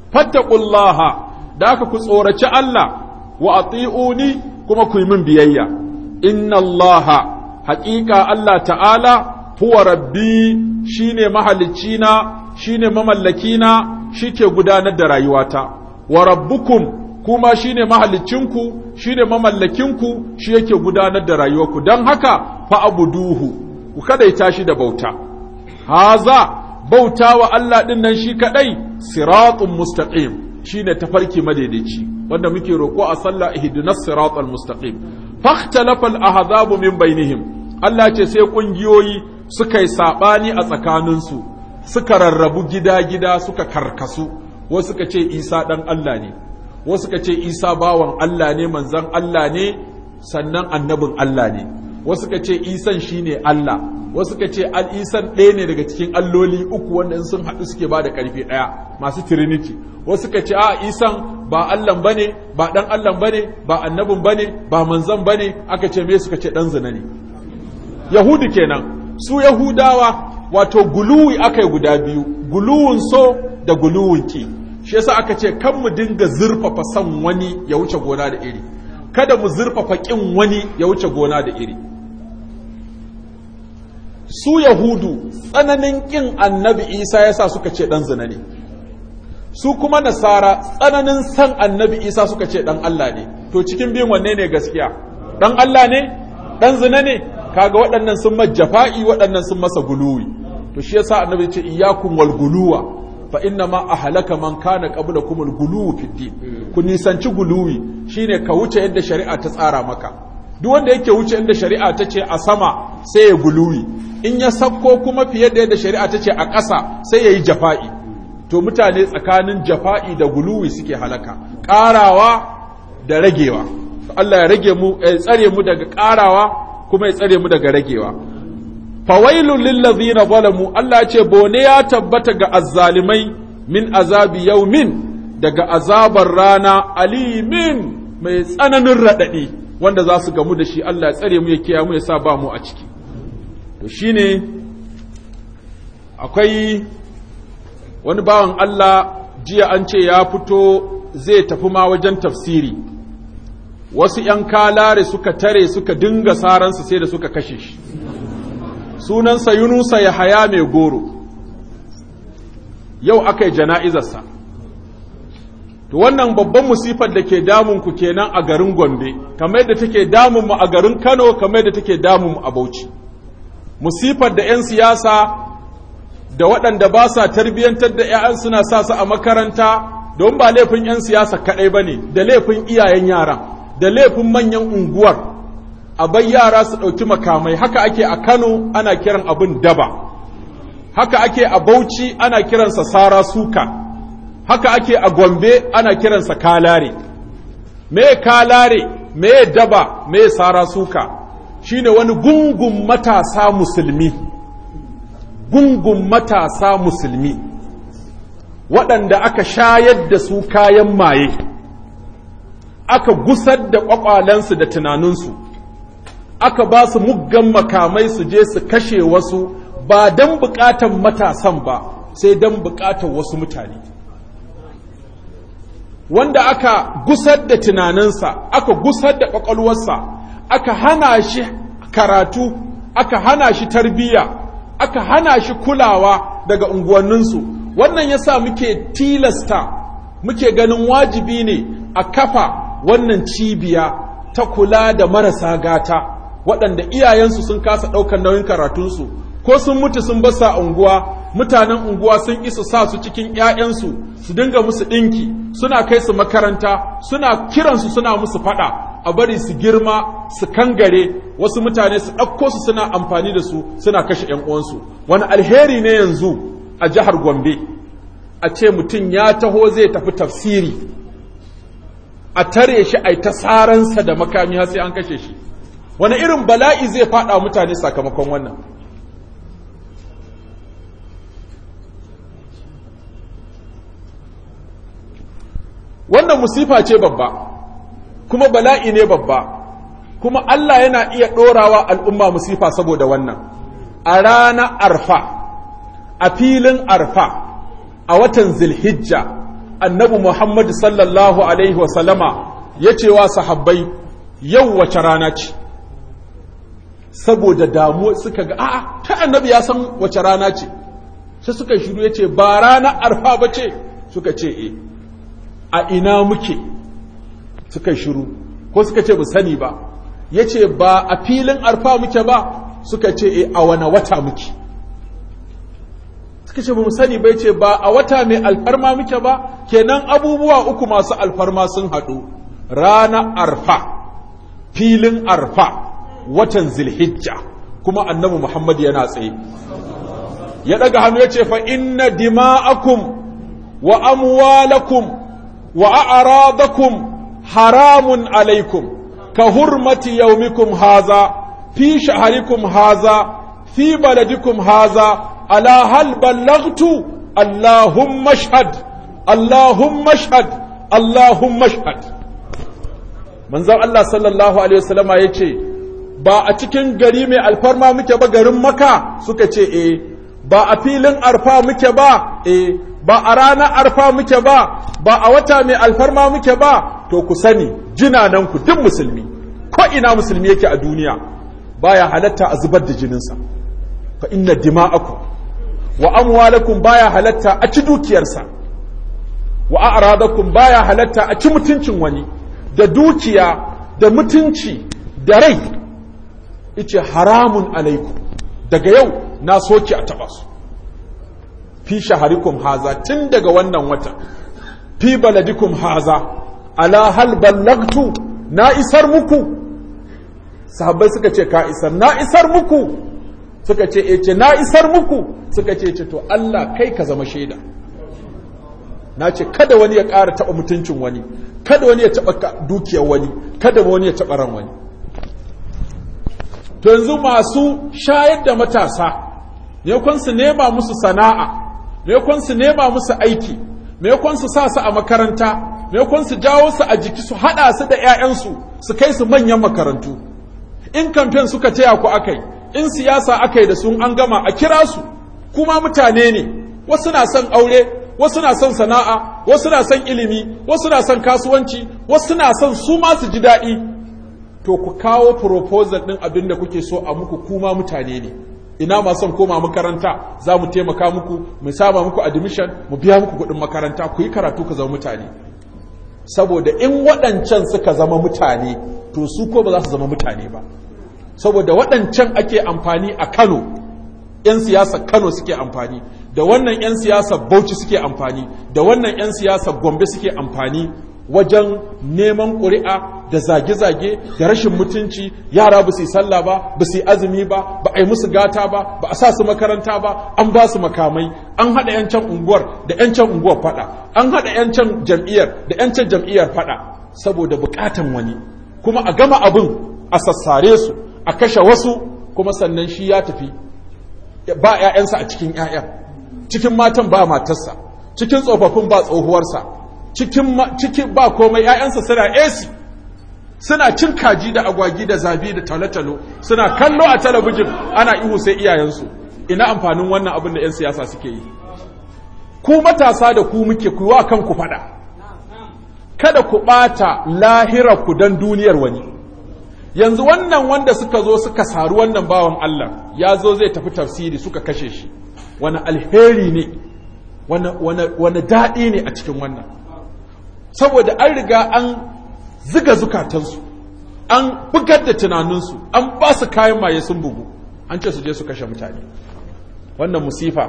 fattaqullaha da aka ku tsoraci Allah wa ati'uni kuma ku yi min biyayya inna allaha haƙiƙa Allah ta'ala huwa rabbi shine mahalicina shine mamallakina shike gudanar da rayuwata wa rabbukum kuma shine mahalicinku shine mamallakinku shi yake gudanar da rayuwarku don haka fa abuduhu ku kadaita tashi da bauta haza bauta wa Allah ɗin nan shi kadai siratun mustaqim shine tafarki madaidaici wanda muke roƙo a sallah ihdinas siratal mustaqim fahtalafa al ahzabu min bainihim Allah ce sai ƙungiyoyi suka yi saɓani a tsakaninsu suka rarrabu gida-gida suka karkasu wasu suka ce isa ɗan Allah ne wasu suka ce isa bawan Allah ne manzan Allah ne sannan annabin Allah ne wasu suka ce isan shine Allah wasu suka ce al'isan ɗaya ne daga cikin alloli uku wanda in sun haɗu suke ba da ƙarfi ɗaya masu trinity wasu suka ce a isan ba allan bane ba ɗan allan bane ba annabin bane ba manzan bane aka ce me suka ce ɗan zina ne yahudu kenan su yahudawa wato guluwi aka yi guda biyu guluwun so da guluwun ki shi yasa aka ce kan mu dinga zurfafa san wani ya wuce gona da iri kada mu zurfafa kin wani ya wuce gona da iri su yahudu tsananin kin annabi isa yasa suka ce dan zina ne su kuma nasara tsananin san annabi isa suka ce dan Allah ne to cikin biyun wanne ne gaskiya dan Allah ne dan zina ne kaga waɗannan sun majjafa'i waɗannan sun masa guluwi to shi yasa annabi ce iyyakum wal guluwa fa inna ma ahlaka man kana qablakum al kuma fi din ku nisanci guluwi shine ka wuce yadda shari'a ta tsara maka duk wanda yake wuce yadda shari'a ta ce a sama sai ya guluwi in ya sakko kuma fiye da yadda shari'a ta ce a ƙasa sai ya yi jafa'i to mutane tsakanin jafa'i da guluwi suke halaka ƙarawa da ragewa Allah ya rage mu tsare mu daga ƙarawa kuma ya tsare mu daga ragewa fawailul lillazina zalamu Allah ce bone ya tabbata ga azzalimai min azabi yaumin daga azabar rana alimin mai tsananin radadi wanda za su gamu da shi Allah ya tsare mu ya kiyaye mu ya sa ba mu a ciki to shine akwai wani bawan Allah jiya an ce ya fito zai tafi ma wajen tafsiri wasu ‘yan kalare suka tare suka dinga saransu sai da suka kashe shi sunansa yunusa ya haya mai goro yau aka yi jana'izarsa to wannan babban musifar da ke ku kenan a garin gombe kamar da take damunmu a garin kano kamar da take damunmu a bauchi musifar da 'yan siyasa da waɗanda ba sa tarbiyyantar da 'ya'yan suna sa su a makaranta don ba laifin 'yan siyasa kaɗai ba ne da laifin iyayen yaran da laifin manyan unguwar a bai yara su ɗauki makamai haka ake a kano ana kiran abin daba haka ake a bauchi ana kiransa sara suka haka ake a gombe ana kiransa kalare Mai kalare mai daba mai sara suka shine wani gungun matasa musulmi gungun matasa musulmi waɗanda aka shayar da su kayan maye aka gusar da ƙwaƙwalansu da tunaninsu aka ba su muggan makamai su je su kashe wasu ba don bukatan matasan ba sai don buƙatar wasu mutane wanda aka gusar da tunaninsa aka gusar da ƙwaƙwalwarsa aka hana shi karatu aka hana shi tarbiyya aka hana shi kulawa daga unguwanninsu wannan yasa muke tilasta muke ganin wajibi ne a kafa wannan cibiya ta kula da marasa gata waɗanda iyayensu sun kasa ɗaukar nauyin karatunsu ko sun mutu sun basa unguwa mutanen unguwa sun isa sa su cikin 'ya'yansu su dinga musu ɗinki suna kai su makaranta suna kiransu suna musu faɗa a bari su girma su kangare wasu mutane su ɗauko su suna amfani da su suna kashe 'yan uwansu wani alheri ne yanzu a jihar gombe a ce mutum ya taho zai tafi tafsiri a tare shi a ta tsaransa da makami har sai an kashe shi wani irin bala'i zai fada mutane sakamakon wannan wannan musifa ce babba kuma bala'i ne babba kuma Allah yana iya ɗorawa al'umma musifa saboda wannan a rana arfa a filin arfa a watan zilhijja annabi Muhammadu sallallahu alaihi wasallama ya ce wa sahabbai yau wace rana ce saboda damu suka ga a'a ta annabi ya san wace rana ce sai suka shiru ya ce ba rana arfa ba ce suka ce e a ina muke suka shiru ko suka ce ba sani ba ya ce ba a filin arfa muke ba suka ce e a wane wata muke suka ce ba mu sani bai ce ba a wata mai alfarma muke ba kenan abubuwa uku masu alfarma sun haɗu rana arfa filin arfa watan zilhijja kuma annabi muhammad yana tsaye ya daga hannu ya ce fa inna dima'akum wa amwalakum wa a'radakum haramun alaikum ka hurmati yaumikum haza fi shaharikum haza fi baladikum haza ala hal ballagtu allahumma shahad allahumma shahad allahumma shahad manzon Allah sallallahu alaihi wasallama yace ba a cikin gari mai alfarma muke ba garin maka suka ce eh ba a filin arfa muke ba eh ba a ranar arfa muke ba ba a wata mai alfarma muke ba to ku sani jinananku duk musulmi ko ina musulmi yake a duniya baya halatta a zubar da jininsa fa inna dima'akum wa amwalakum baya halatta a ci dukiyarsa wa a'radakum baya halatta a ci mutuncin wani da dukiya da mutunci da rai ice haramun alaikum daga yau na soke a taba su fi shaharikum haza tun daga wannan wata fi baladikum haza ala hal ballagtu na isar muku sahabbai suka ce ka isar na isar muku suka ce e ce na isar muku suka ce ce to Allah kai ka zama shaida na ce kada wani ya ƙara taɓa mutuncin wani kada wani ya taɓa dukiyar wani kada wani ya taɓa ran wani to yanzu masu shayar da matasa maimakon su nema musu sana'a maimakon su nema musu aiki maimakon su sa su a makaranta maimakon su jawo su a jiki su haɗa su da 'ya'yansu su kai su manyan makarantu in kamfen suka taya ku akai in siyasa aka yi da sun an gama a kira su kuma mutane ne wasu na son aure wasu na son sana'a wasu na son ilimi wasu na son kasuwanci wasu na son su ma su ji daɗi to ku kawo proposal ɗin abin da kuke so a muku kuma mutane ne ina ma son koma makaranta za mu taimaka muku mu saba muku admission mu biya muku kuɗin makaranta ku yi karatu ku zama mutane saboda in waɗancan suka zama mutane to su ko ba za su zama mutane ba saboda waɗancan ake amfani a Kano ‘yan siyasar Kano suke amfani da wannan ‘yan siyasar Bauchi suke amfani da wannan ‘yan siyasar Gombe suke amfani wajen neman ƙuri'a da zage-zage da rashin mutunci yara ba su yi sallah ba ba su yi azumi ba ba a yi musu gata ba ba a sa su makaranta ba an ba su makamai an haɗa 'yancan unguwar da 'yancan unguwar faɗa an haɗa 'yancan jam'iyyar da 'yancan jam'iyyar faɗa saboda buƙatan wani kuma a gama abin a sassare su a kashe wasu kuma sannan shi ya tafi ba 'ya'yansa a cikin 'ya'yan cikin matan ba matarsa cikin tsofaffin ba tsohuwarsa cikin ba komai 'ya'yansa suna AC suna cin kaji da agwagi da zabi da talotalo suna kallo a talabijin ana ihu sai iyayensu ina amfanin wannan abin da 'yan siyasa suke yi ku matasa da ku muke kuwa kan ku fada kada ku ɓata lahirarku don duniyar wani yanzu wannan wanda suka zo suka saru wannan bawan Allah ya zo zai tafi tafsiri suka kashe shi wani alheri ne wani daɗi ne a cikin wannan saboda an riga an ziga zukatansu an bugar da tunaninsu an ba su kayan maye sun bugu an ce su je su kashe mutane wannan musifa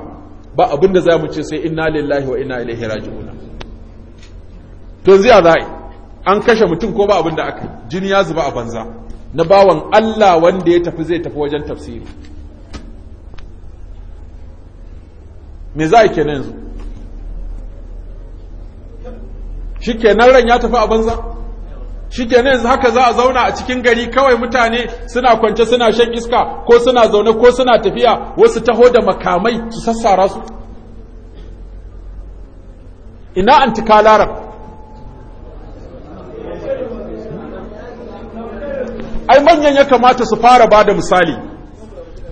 ba abin da za mu ce sai inna lillahi wa inna ilaihi raji'una to ziya za'i an kashe mutum ko ba abin da aka jini ya zuba a banza na bawan Allah wanda ya tafi zai tafi wajen tafsiri me za a kenan yanzu shi kenan ran ya tafi a banza shi kenan yanzu haka za a zauna a cikin gari kawai mutane suna kwance suna shan iska ko suna zaune ko suna tafiya wasu taho da makamai su sassara su ina antikalaran ai manyan ya kamata su fara ba da misali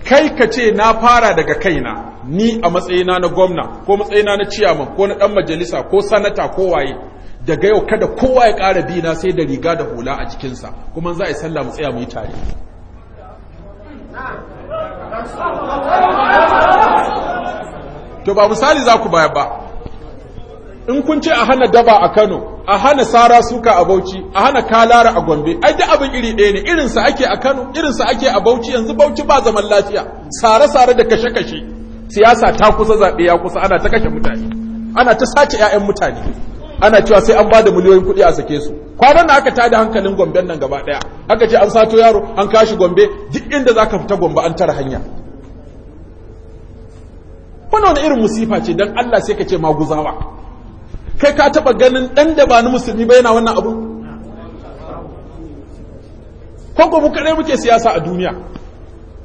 kai ka ce na fara daga kaina ni a matsayina na gwamna ko matsayina na ciyaman ko na ɗan majalisa ko sanata ko waye daga yau kada kowa ya ƙara bina sai da riga da hula a jikinsa kuma za a yi sallah mu tsaya mu yi tare to ba misali za ku baya ba in kun ce a hana daba a kano a hana sara suka a bauchi a hana kalara a gombe ai duk abin iri ɗaya ne irinsa ake a kano irinsa ake a bauchi yanzu bauchi ba zaman lafiya sare-sare da kashe-kashe siyasa ta kusa zaɓe ya kusa ana ta kashe mutane ana ta sace ƴaƴan mutane ana cewa sai an ba da miliyoyin kuɗi a sake su kwanan da aka tada hankalin gomben nan gaba ɗaya aka ce an sato yaro an kashi gombe duk inda za ka fita gombe an tara hanya wannan irin musifa ce don allah sai ka ce maguzawa kai ka taba ganin dan da ba ni musulmi ba yana wannan abu ko mu kadai muke siyasa a duniya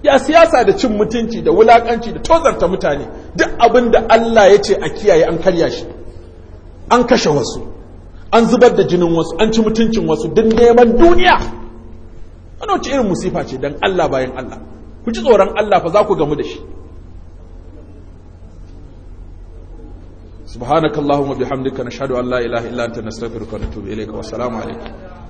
ya siyasa da cin mutunci da wulakanci da tozarta mutane duk abin da Allah ya ce a kiyaye an karya shi an kashe wasu an zubar da jinin wasu an ci mutuncin wasu duk neman duniya wani wacce irin musifa ce don Allah bayan Allah ku ji tsoron Allah fa za ku gamu da shi subhanakallahumma bihamdika nashhadu an la ilaha illa anta nastaghfiruka wa natubu ilayka wa assalamu